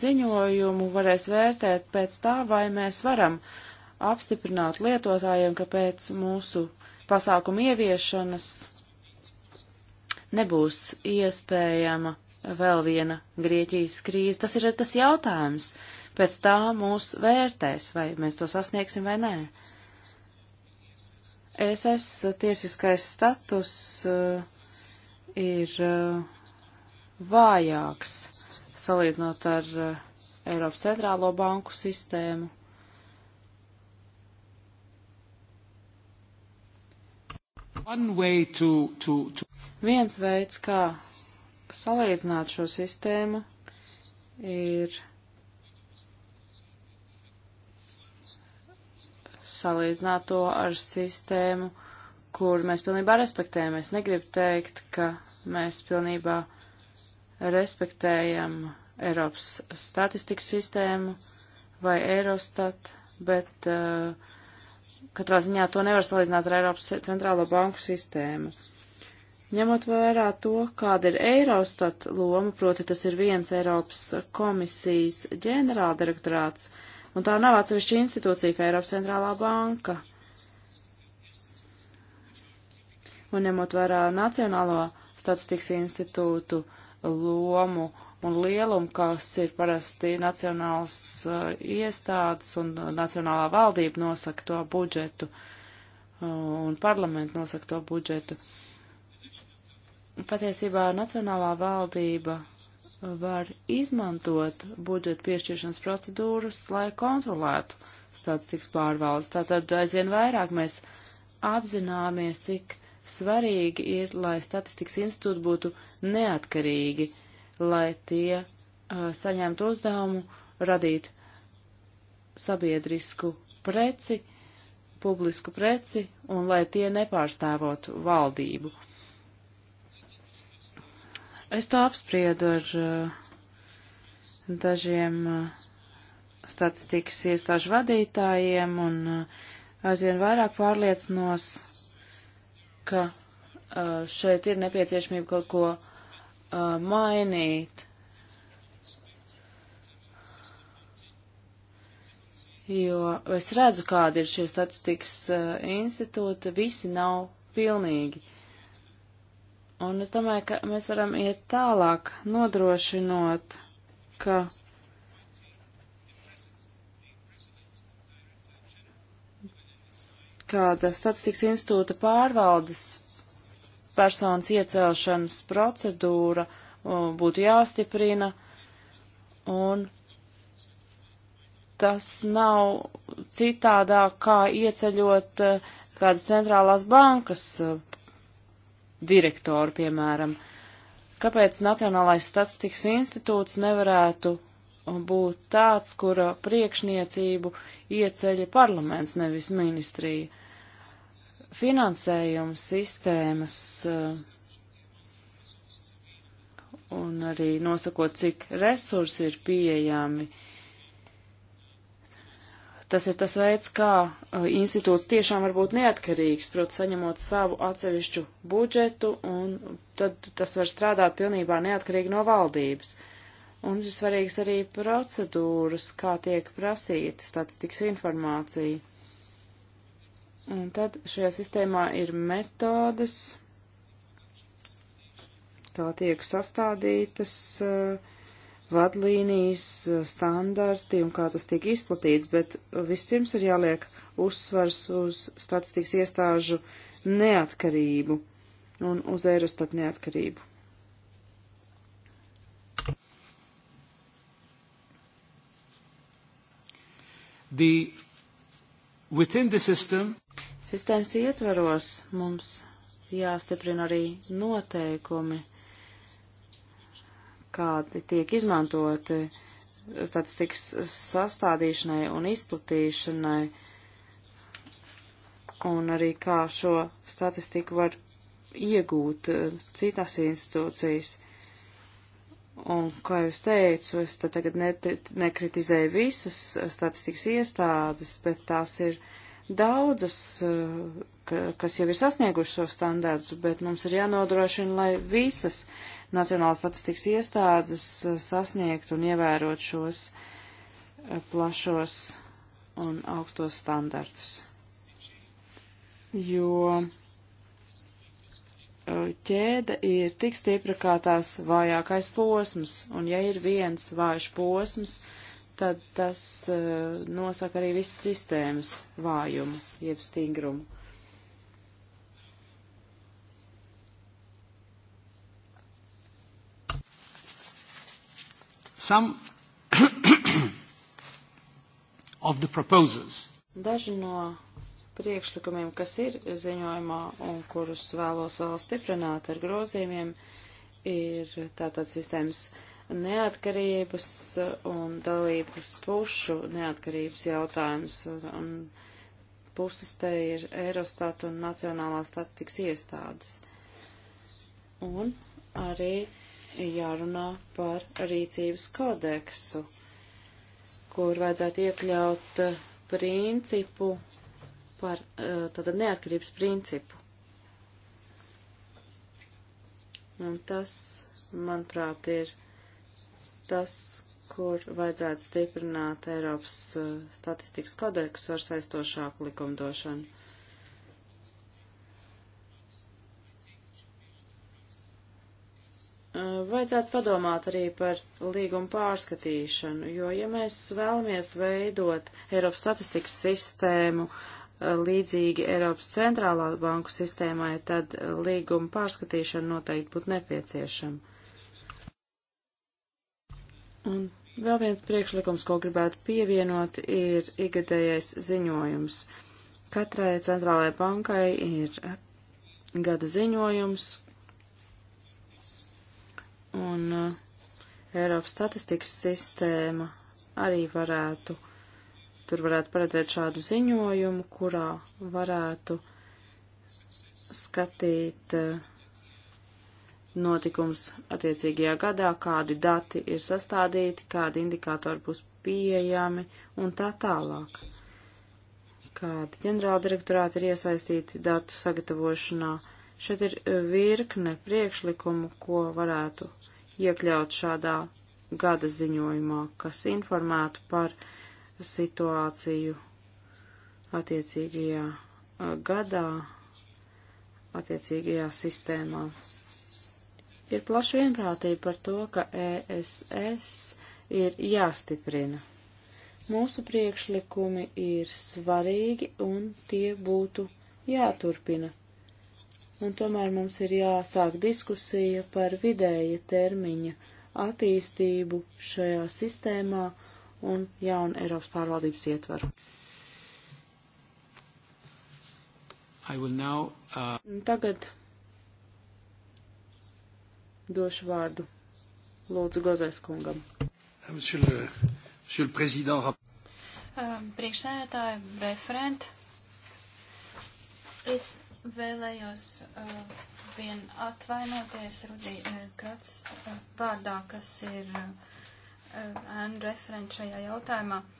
ziņojumu varēs vērtēt pēc tā, vai mēs varam apstiprināt lietotājiem, ka pēc mūsu pasākumu ieviešanas nebūs iespējama vēl viena Grieķijas krīze. Tas ir tas jautājums. Uh, pēc tā mūs vērtēs, vai mēs to sasniegsim vai nē. ESS tiesiskais status uh, ir uh, vājāks salīdzinot ar uh, Eiropas centrālo banku sistēmu. To, to, to... Viens veids, kā salīdzināt šo sistēmu, ir salīdzināt to ar sistēmu, kur mēs pilnībā respektējam. Es negribu teikt, ka mēs pilnībā respektējam Eiropas statistikas sistēmu vai Eurostat, bet uh, katrā ziņā to nevar salīdzināt ar Eiropas centrālo banku sistēmu. Ņemot vērā to, kāda ir Eirostat loma, proti tas ir viens Eiropas komisijas ģenerāldirektorāts, Un tā nav atsevišķa institūcija, kā Eiropas centrālā banka. Un ņemot vērā Nacionālo statistikas institūtu lomu un lielumu, kas ir parasti nacionāls uh, iestādes un nacionālā valdība nosaka to budžetu uh, un parlamentu nosaka to budžetu. Patiesībā nacionālā valdība var izmantot budžeta piešķiršanas procedūras, lai kontrolētu statistikas pārvaldes. Tātad aizvien vairāk mēs apzināmies, cik svarīgi ir, lai statistikas institūti būtu neatkarīgi, lai tie uh, saņemtu uzdevumu radīt sabiedrisku preci, publisku preci un lai tie nepārstāvotu valdību. Uh, Es to apspriedu ar eh, dažiem eh, statistikas iestāžu vadītājiem un eh, aizvien vairāk pārliecinos, ka šeit ir nepieciešamība kaut ko mainīt. Jo es redzu, kāda ir šie statistikas institūti, visi nav pilnīgi. Uh, Un es domāju, ka mēs varam iet tālāk, nodrošinot, ka kāda statistikas institūta pārvaldes personas iecelšanas procedūra būtu jāstiprina, un tas nav citādā, kā ieceļot eh, kādas centrālās bankas eh, direktoru, piemēram. Kāpēc Nacionālais statistikas institūts nevarētu būt tāds, kura priekšniecību ieceļa parlaments, nevis ministrija? Finansējums sistēmas eh, un arī nosakot, cik resursi ir pieejami uh, Tas ir tas veids, kā uh, institūts tiešām var būt neatkarīgs, proti saņemot savu atsevišķu budžetu, un tad tas var strādāt pilnībā neatkarīgi no valdības. Un ir svarīgs arī procedūras, kā tiek prasīta statistikas informācija. Un tad šajā sistēmā ir metodes, kā tiek sastādītas uh, vadlīnijas, eh, standarti un kā tas tiek izplatīts, bet eh, vispirms ir jāliek uzsvars uz statistikas iestāžu neatkarību un uz Eirostat neatkarību. The, within the system, Sistēmas ietvaros mums jāstiprina arī noteikumi. Uh, kādi tiek izmantoti statistikas sastādīšanai un izplatīšanai, un arī kā šo statistiku var iegūt eh, citās institūcijas. Un, kā jau es teicu, es te tagad nekritizēju visas statistikas iestādes, bet tās ir daudzas, eh, ka, kas jau ir sasnieguši šo standārdus, bet mums ir jānodrošina, lai visas uh, Nacionālās statistikas iestādes eh, sasniegt un ievērot šos eh, plašos un augstos standartus. Jo eh, ķēde ir tik stipra kā tās vājākais posms, un ja ir viens vājš posms, tad tas uh, nosaka arī visas sistēmas vājumu, jeb stingrumu. Some of the proposals. Daži no priekšlikumiem, kas ir ziņojumā un kurus vēlos vēl stiprināt ar grozījumiem, ir tātad sistēmas neatkarības un dalības pušu neatkarības jautājums. Un puses te ir Eurostat un Nacionālās statistikas iestādes. Un arī uh, jārunā par rīcības kodeksu, kur vajadzētu iekļaut eh, principu par eh, tātad neatkarības principu. Un tas, manuprāt, ir tas, kur vajadzētu stiprināt Eiropas eh, statistikas kodeksu ar saistošāku likumdošanu. Eh, vajadzētu padomāt arī par līgumu pārskatīšanu, jo, ja mēs vēlamies veidot Eiropas statistikas sistēmu eh, līdzīgi Eiropas centrālā banku sistēmai, tad eh, līguma pārskatīšana noteikti būtu nepieciešama. Un vēl viens priekšlikums, ko gribētu pievienot, ir igadējais ziņojums. Katrai centrālajai bankai ir gada ziņojums, un uh, Eiropas statistikas sistēma arī varētu, tur varētu paredzēt šādu ziņojumu, kurā varētu skatīt uh, notikums attiecīgajā gadā, kādi dati ir sastādīti, kādi indikātori būs pieejami un tā tālāk. Kādi ģenerāldirektorāti ir iesaistīti datu sagatavošanā. Uh, Šeit ir e, virkne priekšlikumu, ko varētu iekļaut šādā gada ziņojumā, kas informētu par situāciju attiecīgajā e, gadā, attiecīgajā sistēmā. Ir plaša vienprātība par to, ka ESS ir jāstiprina. Mūsu priekšlikumi ir svarīgi un tie būtu jāturpina un tomēr mums ir jāsāk diskusija par vidēja termiņa attīstību šajā sistēmā un jaunu Eiropas pārvaldības ietvaru. Now, uh... Tagad došu vārdu Lūdzu Gozais kungam. Uh, monsieur le, monsieur le président. Uh, priekšsēdētāji, referenti. Es vēlējos uh, vien atvainoties Rudī uh, Kats uh, vārdā, kas ir uh, uh ēnu referents šajā jautājumā. Uh,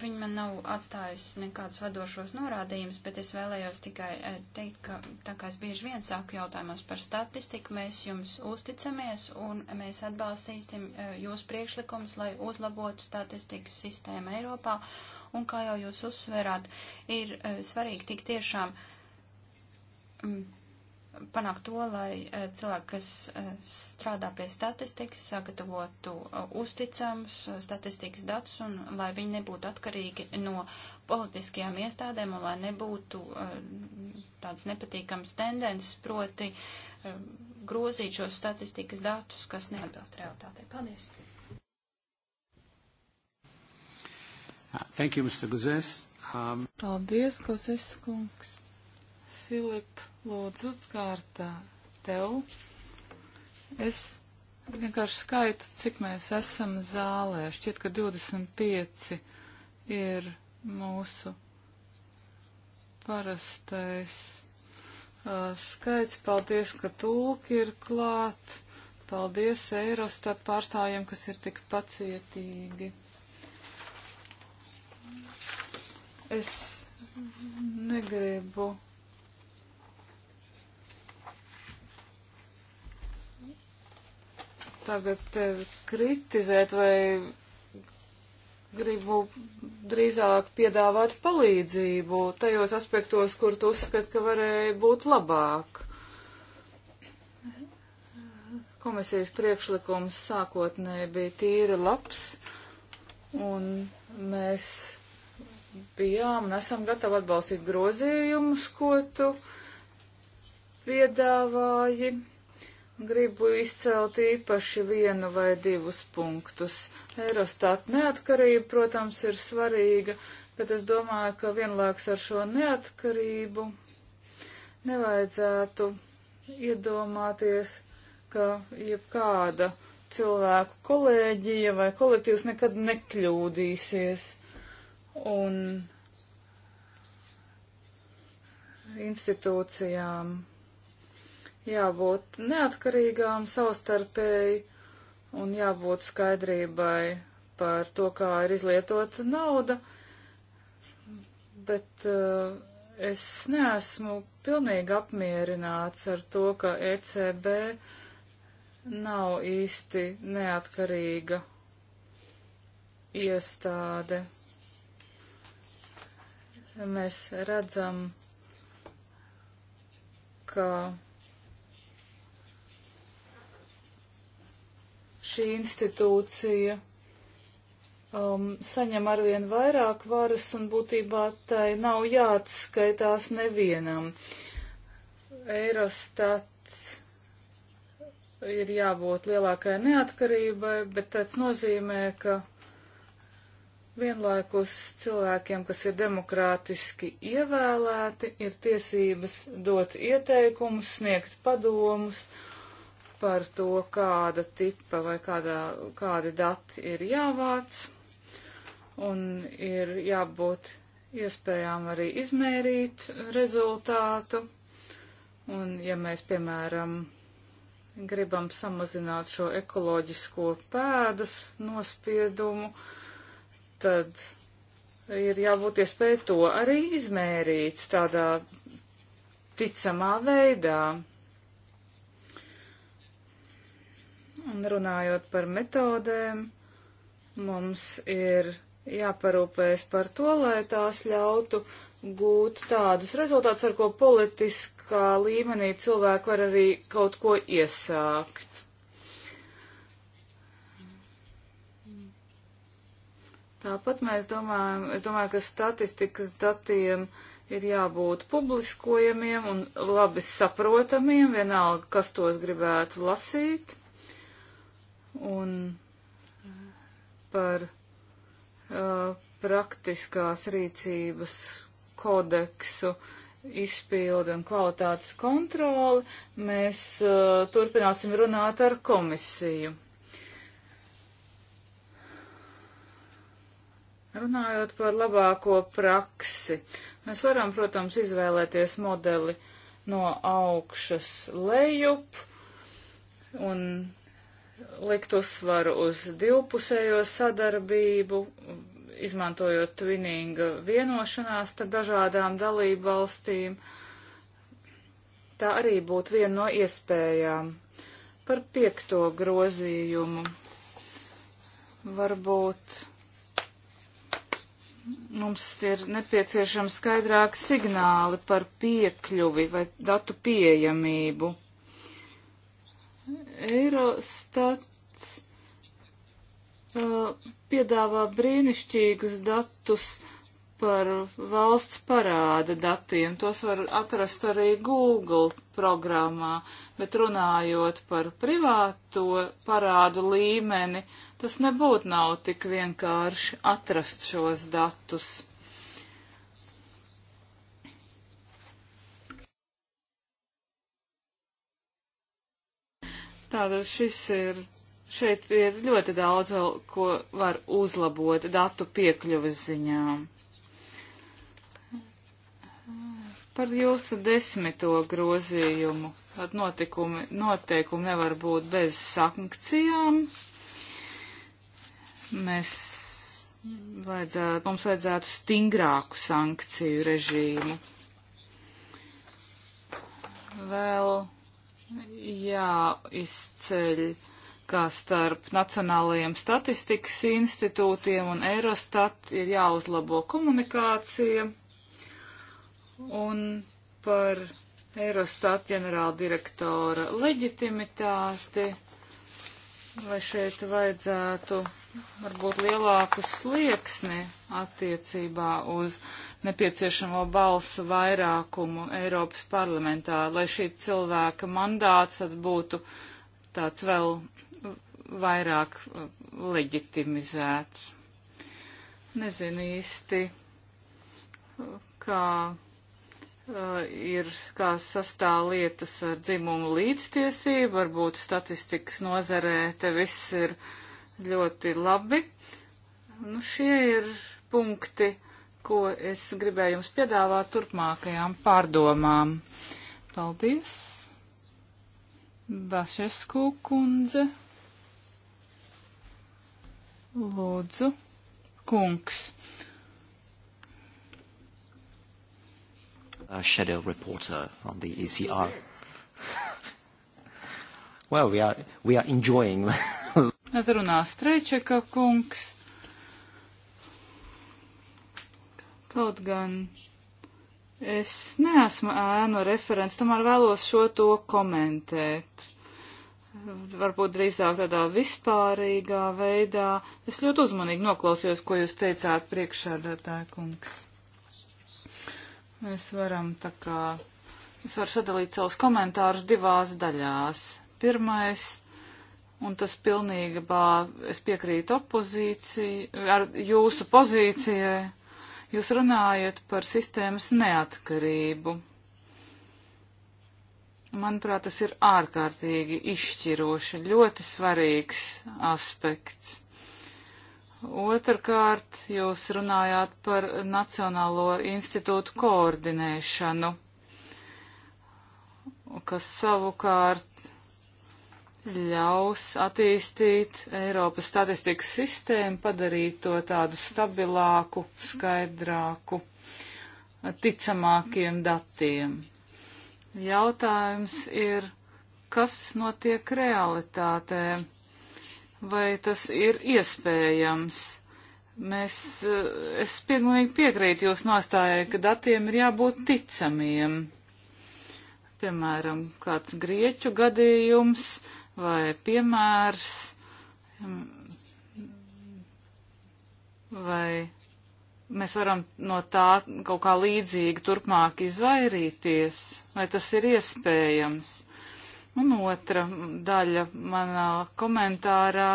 Viņi man nav atstājusi nekādus vadošos norādījumus, bet es vēlējos tikai eh, teikt, ka tā kā es bieži vien sāku jautājumos par statistiku, mēs jums uzticamies un mēs atbalstīsim eh, jūs priekšlikumus, lai uzlabotu statistikas sistēmu Eiropā. Un kā jau jūs uzsverāt, ir eh, svarīgi tik tiešām mm, panākt to, lai e, cilvēki, kas e, strādā pie statistikas, sagatavotu e, uzticams statistikas datus un lai viņi nebūtu atkarīgi no politiskajām iestādēm un lai nebūtu tāds nepatīkams tendences, proti grozīt šos statistikas datus, kas neatbilst realitātei. Paldies! Uh, thank you, Mr. Guzes. Um... Paldies, Guzes kungs. Filip, lūdzu, skārtā tev. Es vienkārši skaitu, cik mēs esam zālē. Šķiet, ka 25 ir mūsu parastais uh, skaits. Paldies, ka tūki ir klāt. Paldies Eirostat pārstāvjiem, kas ir tik pacietīgi. Es negribu tagad tevi kritizēt vai gribu drīzāk piedāvāt palīdzību tajos aspektos, kur tu uzskat, ka varēja būt labāk. Komisijas priekšlikums sākotnēji bija tīri labs, un mēs bijām un esam gatavi atbalstīt grozījumus, ko tu piedāvāji Gribu izcelt īpaši vienu vai divus punktus. Eurostat neatkarība, protams, ir svarīga, bet es domāju, ka vienlaiks ar šo neatkarību nevajadzētu iedomāties, ka jebkāda cilvēku kolēģija vai kolektīvs nekad nekļūdīsies. Un institūcijām jābūt neatkarīgām savstarpēji un jābūt skaidrībai par to, kā ir izlietota nauda, bet uh, es neesmu pilnīgi apmierināts ar to, ka ECB nav īsti neatkarīga iestāde. Mēs redzam, ka šī institūcija um, saņem arvien vairāk varas un būtībā tai nav jāatskaitās nevienam. Eirostat ir jābūt lielākai neatkarībai, bet tāds nozīmē, ka vienlaikus cilvēkiem, kas ir demokrātiski ievēlēti, ir tiesības dot ieteikumus, sniegt padomus par to, kāda tipa vai kādā, kādi dati ir jāvāc, un ir jābūt iespējām arī izmērīt rezultātu. Un ja mēs, piemēram, gribam samazināt šo ekoloģisko pēdas nospiedumu, tad ir jābūt iespēja to arī izmērīt tādā ticamā veidā. Un runājot par metodēm, mums ir jāparūpējas par to, lai tās ļautu gūt tādus rezultātus, ar ko politiskā līmenī cilvēki var arī kaut ko iesākt. Tāpat mēs domājam, es domāju, ka statistikas datiem ir jābūt publiskojamiem un labi saprotamiem, vienalga, kas tos gribētu lasīt un par uh, praktiskās rīcības kodeksu izpildi un kvalitātes kontroli, mēs uh, turpināsim runāt ar komisiju. Runājot par labāko praksi, mēs varam, protams, izvēlēties modeli no augšas lejup un likt uzsvaru uz divpusējo sadarbību, izmantojot twininga vienošanās ar dažādām dalību valstīm. Tā arī būtu viena no iespējām. Par piekto grozījumu varbūt mums ir nepieciešams skaidrāk signāli par piekļuvi vai datu pieejamību. Eirostats uh, piedāvā brīnišķīgus datus par valsts parāda datiem. Tos var atrast arī Google programmā, bet runājot par privāto parādu līmeni, tas nebūtu nav tik vienkārši atrast šos datus. Tātad šis ir, šeit ir ļoti daudz vēl, ko var uzlabot datu piekļuvas ziņā. Par jūsu desmito grozījumu, tad notikumi, noteikumi nevar būt bez sankcijām. Mēs vajadzētu, mums vajadzētu stingrāku sankciju režīmu. Vēl jāizceļ kā starp Nacionālajiem statistikas institūtiem un Eurostat ir jāuzlabo komunikācija. Un par Eurostat ģenerāla direktora leģitimitāti, vai šeit vajadzētu varbūt lielāku slieksni attiecībā uz nepieciešamo balsu vairākumu Eiropas parlamentā, lai šī cilvēka mandāts būtu tāds vēl vairāk uh, leģitimizēts. Nezinu īsti, kā uh, ir, kā sastāv lietas ar dzimumu līdztiesību, varbūt statistikas nozarē te viss ir uh, Ļoti labi. Nu, šie ir punkti, ko es gribēju jums piedāvāt turpmākajām pārdomām. Paldies, Bašesku kundze. Lūdzu, kungs. A shadow reporter on the ECR. well, we are, we are enjoying Tad runās Streičeka kungs. Kaut gan es neesmu ēnu referents, tomēr vēlos šo to komentēt. Varbūt drīzāk tādā vispārīgā veidā. Es ļoti uzmanīgi noklausījos, ko jūs teicāt priekšādātāja kungs. Mēs varam tā kā, es varu sadalīt savus komentārus divās daļās. Pirmais un tas pilnībā es piekrītu opozīciju, ar jūsu pozīcijai. Jūs runājat par sistēmas neatkarību. Manuprāt, tas ir ārkārtīgi izšķiroši, ļoti svarīgs aspekts. Otrkārt, jūs runājāt par Nacionālo institūtu koordinēšanu, kas savukārt ļaus attīstīt Eiropas statistikas sistēmu, padarīt to tādu stabilāku, skaidrāku, ticamākiem datiem. Jautājums ir, kas notiek realitātē? Vai tas ir iespējams? Mēs, es pilnīgi piekrītu jūs nostājai, ka datiem ir jābūt ticamiem. Piemēram, kāds grieķu gadījums vai piemērs, vai mēs varam no tā kaut kā līdzīgi turpmāk izvairīties, vai tas ir iespējams. Un otra daļa manā komentārā.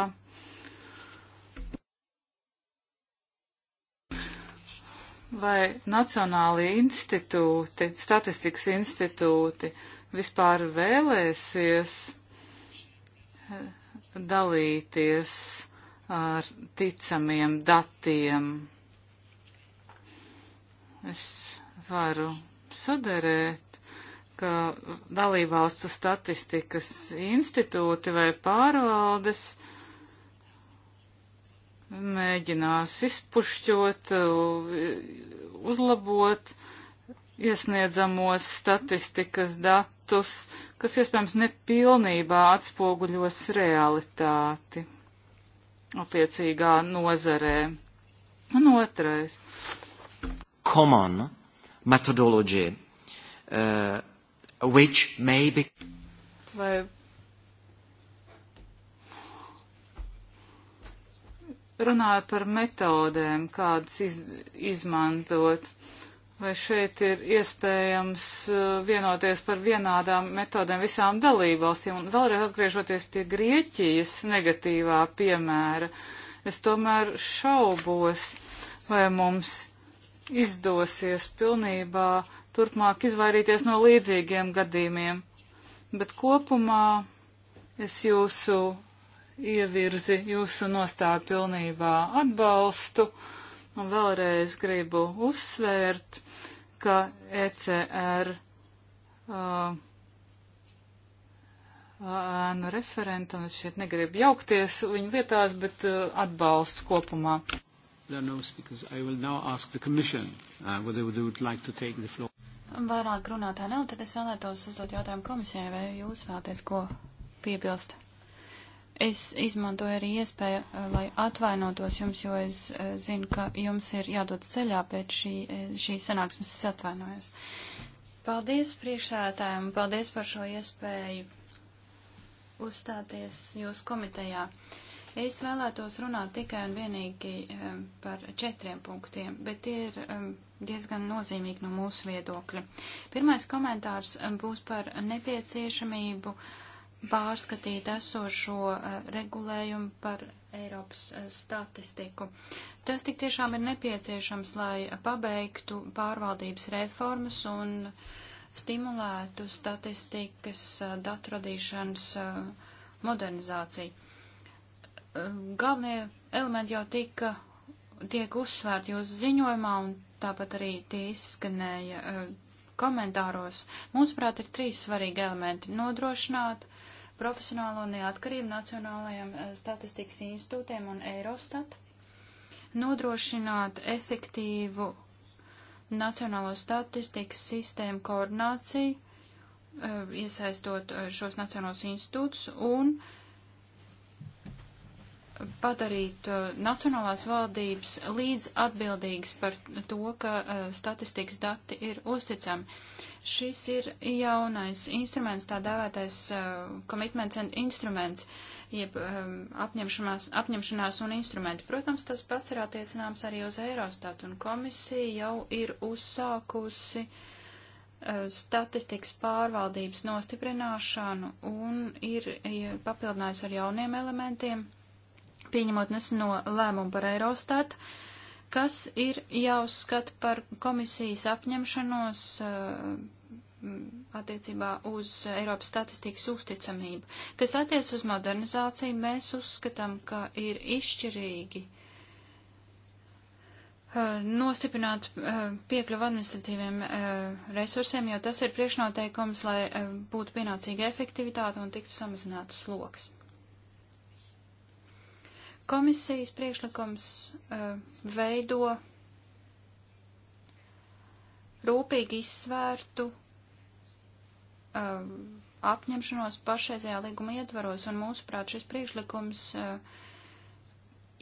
vai nacionālie institūti, statistikas institūti vispār vēlēsies dalīties ar ticamiem datiem. Es varu suderēt, ka dalībvalstu statistikas institūti vai pārvaldes mēģinās izpušķot, uzlabot iesniedzamos statistikas datus datus, kas iespējams nepilnībā atspoguļos realitāti attiecīgā nozarē. Un otrais. Common methodology, uh, which may be. Vai runāja par metodēm, kādas iz, izmantot. Uh, Vai šeit ir iespējams uh, vienoties par vienādām metodēm visām dalībvalstīm? Un vēlreiz atgriežoties pie Grieķijas negatīvā piemēra, es tomēr šaubos, vai mums izdosies pilnībā turpmāk izvairīties no līdzīgiem gadījumiem. Bet kopumā es jūsu ievirzi, jūsu nostāju pilnībā atbalstu. Un vēlreiz gribu uzsvērt, ka ECR uh, nu, referentam, es šeit negribu jaukties viņu lietās, bet uh, atbalstu kopumā. Uh, Vairāk runātā nav, tad es vēlētos uzdot jautājumu komisijai, vai jūs vēlaties ko piebilst? Es izmantoju arī iespēju, eh, lai atvainotos jums, jo es eh, zinu, ka jums ir jādod ceļā pēc šī, eh, šī sanāksmes. Es atvainojos. Paldies priekšsētājiem, paldies par šo iespēju uzstāties jūsu komitejā. Es vēlētos runāt tikai un vienīgi par četriem punktiem, bet tie ir diezgan nozīmīgi no mūsu viedokļa. Pirmais komentārs būs par nepieciešamību uh, pārskatīt esošo eh, regulējumu par Eiropas eh, statistiku. Tas tik tiešām ir nepieciešams, lai pabeigtu pārvaldības reformas un stimulētu statistikas eh, datu radīšanas modernizāciju. Galvenie elementi jau tika, tiek uzsvērti jūsu ziņojumā, un tāpat arī tie izskanēja komentāros. Mūsuprāt, ir trīs svarīgi elementi - nodrošināt, uh, profesionālo neatkarību Nacionālajiem eh, statistikas institūtiem un Eurostat, nodrošināt efektīvu Nacionālo statistikas sistēmu koordināciju, eh, iesaistot eh, šos nacionālos institūtus un uh, padarīt uh, nacionālās valdības līdz atbildīgas par to, ka uh, statistikas dati ir uzticami. Šis ir jaunais instruments, tā dēvētais uh, commitments and instruments, jeb um, apņemšanās, apņemšanās un instrumenti. Protams, tas pats ir attiecināms arī uz Eirostat, un komisija jau ir uzsākusi uh, statistikas pārvaldības nostiprināšanu un ir papildinājusi ar jauniem elementiem pieņemot neseno lēmumu par Eirostatu, kas ir jāuzskata par komisijas apņemšanos eh, attiecībā uz Eiropas statistikas uzticamību. Kas attiec uz modernizāciju, mēs uzskatām, ka ir izšķirīgi eh, nostiprināt eh, piekļuvu administratīviem resursiem, jo tas ir priekšnoteikums, lai būtu pienācīga efektivitāte un tiktu samazināts sloks. Komisijas priekšlikums uh, veido rūpīgi izsvērtu uh, apņemšanos pašreizējā līguma ietvaros, un mūsuprāt šis priekšlikums uh,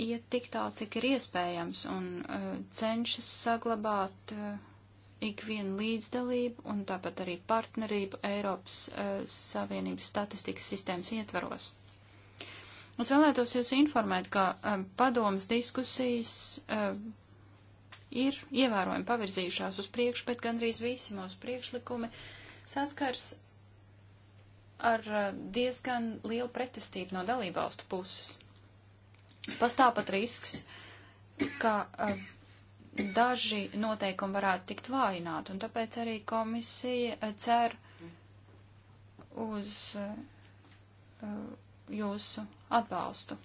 iet tik tālu, cik ir iespējams, un uh, cenšas saglabāt uh, ikvienu līdzdalību un tāpat arī partnerību Eiropas uh, Savienības statistikas sistēmas ietvaros. Es vēlētos jūs informēt, ka um, padomas diskusijas um, ir ievērojami pavirzījušās uz priekšu, bet gandrīz visi mūsu priekšlikumi saskars ar eh, diezgan lielu pretestību no dalībvalstu puses. Pastāv pat risks, ka uh, daži noteikumi varētu tikt vājināti, un tāpēc arī komisija cer uz uh, jūsu atbalstu.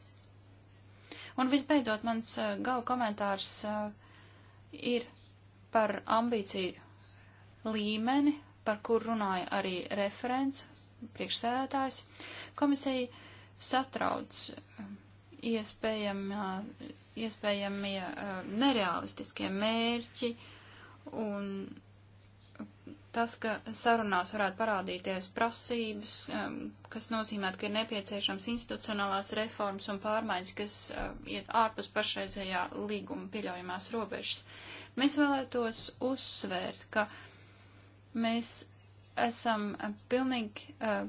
Un visbeidzot, mans eh, gala komentārs eh, ir par ambīciju līmeni, par kur runāja arī referents, priekšsēdētājs. Komisija satrauc eh, iespējamie, iespējamie nerealistiskie mērķi un tas, ka sarunās varētu parādīties prasības, um, kas nozīmē, ka ir nepieciešams institucionālās reformas un pārmaiņas, kas uh, iet ārpus pašreizējā līguma pieļaujamās robežas. Mēs vēlētos uzsvērt, ka mēs esam pilnīgi uh,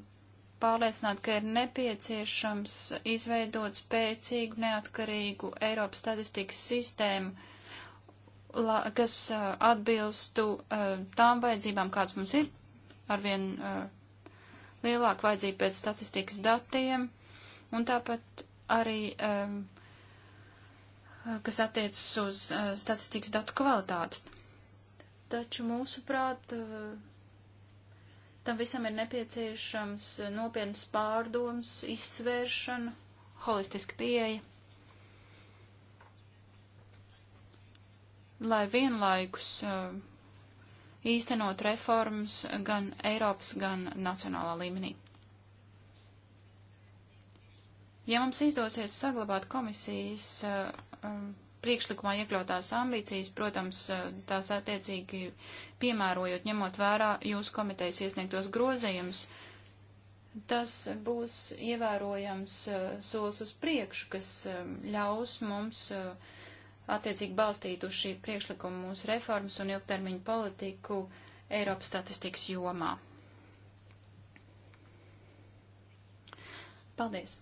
pārliecināti, ka ir nepieciešams izveidot spēcīgu, neatkarīgu Eiropas statistikas sistēmu, la, kas atbilstu tām vajadzībām, kāds mums ir, arvien lielāka vajadzība pēc statistikas datiem, un tāpat arī, kas attiecas uz statistikas datu kvalitāti. Taču mūsuprāt, tam visam ir nepieciešams nopietnas pārdoms, izsvēršana, holistiska pieeja. lai vienlaikus uh, īstenot reformas gan Eiropas, gan nacionālā līmenī. Ja mums izdosies saglabāt komisijas uh, um, priekšlikumā iekļautās ambīcijas, protams, uh, tās attiecīgi piemērojot, ņemot vērā jūsu komitejas iesniegtos grozījumus, tas būs ievērojams solis uz priekšu, kas um, ļaus mums uh, attiecīgi balstītu uz šī priekšlikuma mūsu reformas un ilgtermiņu politiku Eiropas statistikas jomā. Paldies!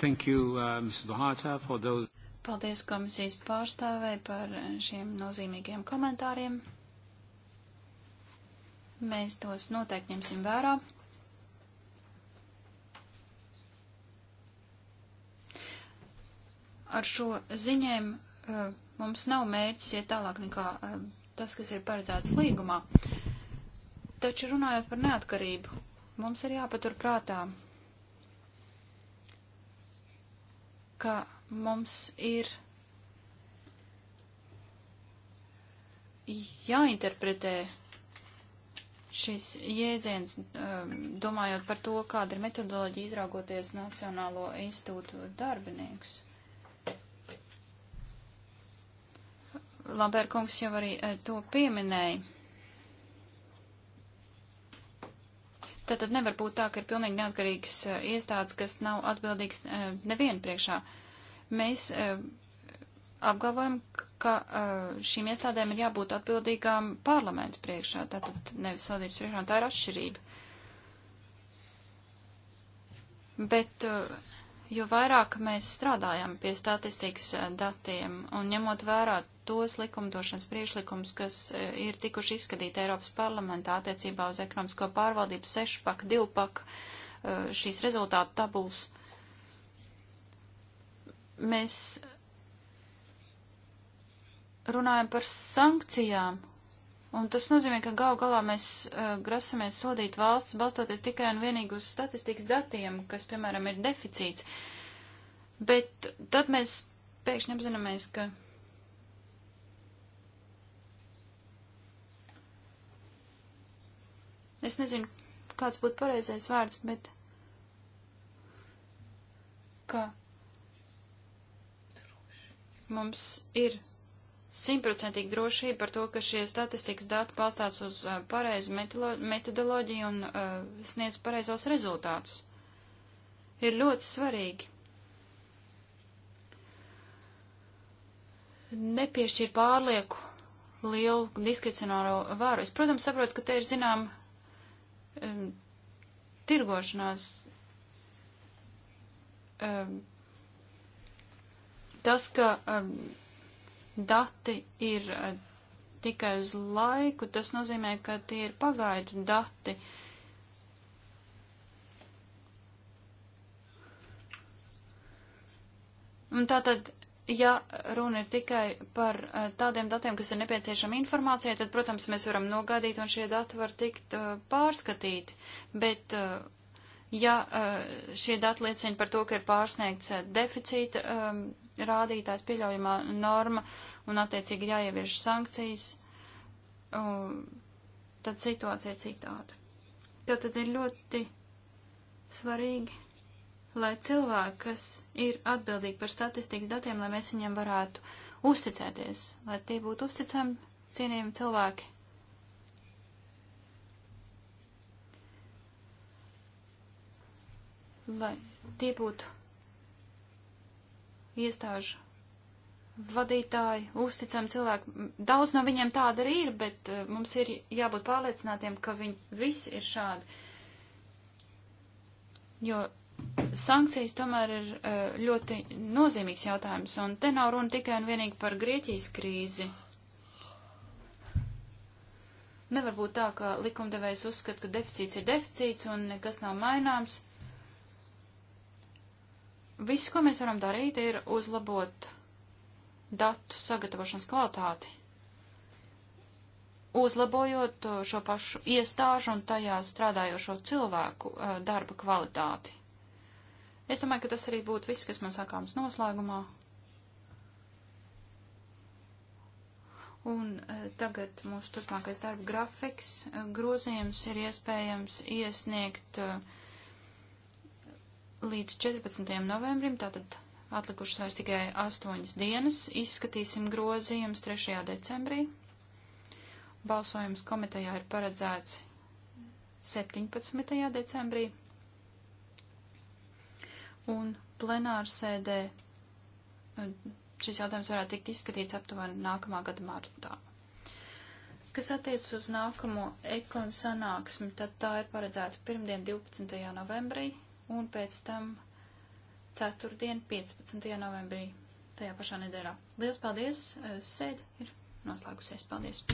Thank you, uh, Mr. Bahata, for those... Paldies komisijas pārstāvei par šiem nozīmīgiem komentāriem. Mēs tos noteikti ņemsim vērā. Ar šo ziņiem eh, mums nav mērķis iet tālāk nekā eh, tas, kas ir paredzēts līgumā. Taču runājot par neatkarību, mums ir jāpatur prātā, ka mums ir jāinterpretē šis jēdziens, ehm, domājot par to, kāda ir metodoloģija izraugoties Nacionālo institūtu darbiniekus. Lamberkungs jau arī eh, to pieminēja. Tātad nevar būt tā, ka ir pilnīgi neatkarīgs eh, iestādes, kas nav atbildīgs eh, nevienu priekšā. Mēs apgalvojam, ka šīm iestādēm ir jābūt atbildīgām parlamentu priekšā, tātad nevis valdības priekšā, tā ir atšķirība. Bet uh, jo vairāk mēs strādājam pie statistikas eh, datiem un ņemot vērā tos likumdošanas priešlikums, kas eh, ir tikuši izskatīti Eiropas parlamentā attiecībā uz ekonomisko pārvaldību sešpak, divpak, eh, šīs rezultātu tabulas, mēs runājam par sankcijām Un tas nozīmē, ka gal galā mēs uh, grasamies sodīt valsts balstoties tikai un vienīgi uz statistikas datiem, kas, piemēram, ir deficīts. Bet tad mēs pēkšņi apzināmies, ka. Es nezinu, kāds būtu pareizais vārds, bet. ka mums ir simtprocentīgi drošība par to, ka šie statistikas dati palstās uz uh, pareizu metodoloģiju un uh, sniedz pareizos rezultātus. Ir ļoti svarīgi. Nepiešķir pārlieku lielu diskrecionālo vāru. Es, protams, saprotu, ka te ir zinām um, tirgošanās. Um, tas, ka um, dati ir eh, tikai uz laiku, tas nozīmē, ka tie ir pagaidu dati. Un tātad, ja runa ir tikai par eh, tādiem datiem, kas ir nepieciešama informācijai, tad, protams, mēs varam nogaidīt un šie dati var tikt uh, eh, pārskatīti. Bet, uh, ja uh, šie dati liecina par to, ka ir pārsniegts deficīta um, rādītājs, pieļaujamā norma un attiecīgi jāievieš sankcijas, un tad situācija ir citāda. Tātad ir ļoti svarīgi, lai cilvēki, kas ir atbildīgi par statistikas datiem, lai mēs viņiem varētu uzticēties, lai tie būtu uzticami, cienījami cilvēki. Lai tie būtu iestāžu vadītāji, uzticami cilvēki. Daudz no viņiem tāda arī ir, bet uh, mums ir jābūt pārliecinātiem, ka viņi visi ir šādi. Jo sankcijas tomēr ir uh, ļoti nozīmīgs jautājums, un te nav runa tikai un vienīgi par Grieķijas krīzi. Nevar būt tā, ka likumdevējs uzskata, ka deficīts ir deficīts un nekas nav maināms. Viss, ko mēs varam darīt, ir uzlabot datu sagatavošanas kvalitāti, uzlabojot uh, šo pašu iestāžu un tajā strādājošo cilvēku uh, darba kvalitāti. Es domāju, ka tas arī būtu viss, kas man sakāms noslēgumā. Un uh, tagad mūsu turpmākais darba grafiks grozījums ir iespējams iesniegt uh, līdz 14. novembrim, tātad atlikušas vairs tikai 8 dienas, izskatīsim grozījumus 3. decembrī. Balsojums komitejā ir paredzēts 17. decembrī. Un plenārsēdē nu, šis jautājums varētu tikt izskatīts aptuveni nākamā gada martā. Kas attiec uz nākamo ekonu sanāksmi, tad tā ir paredzēta pirmdien 12. novembrī un pēc tam ceturtdien, 15. novembrī, tajā pašā nedēļā. Lielas paldies! Sēde ir noslēgusies. Paldies!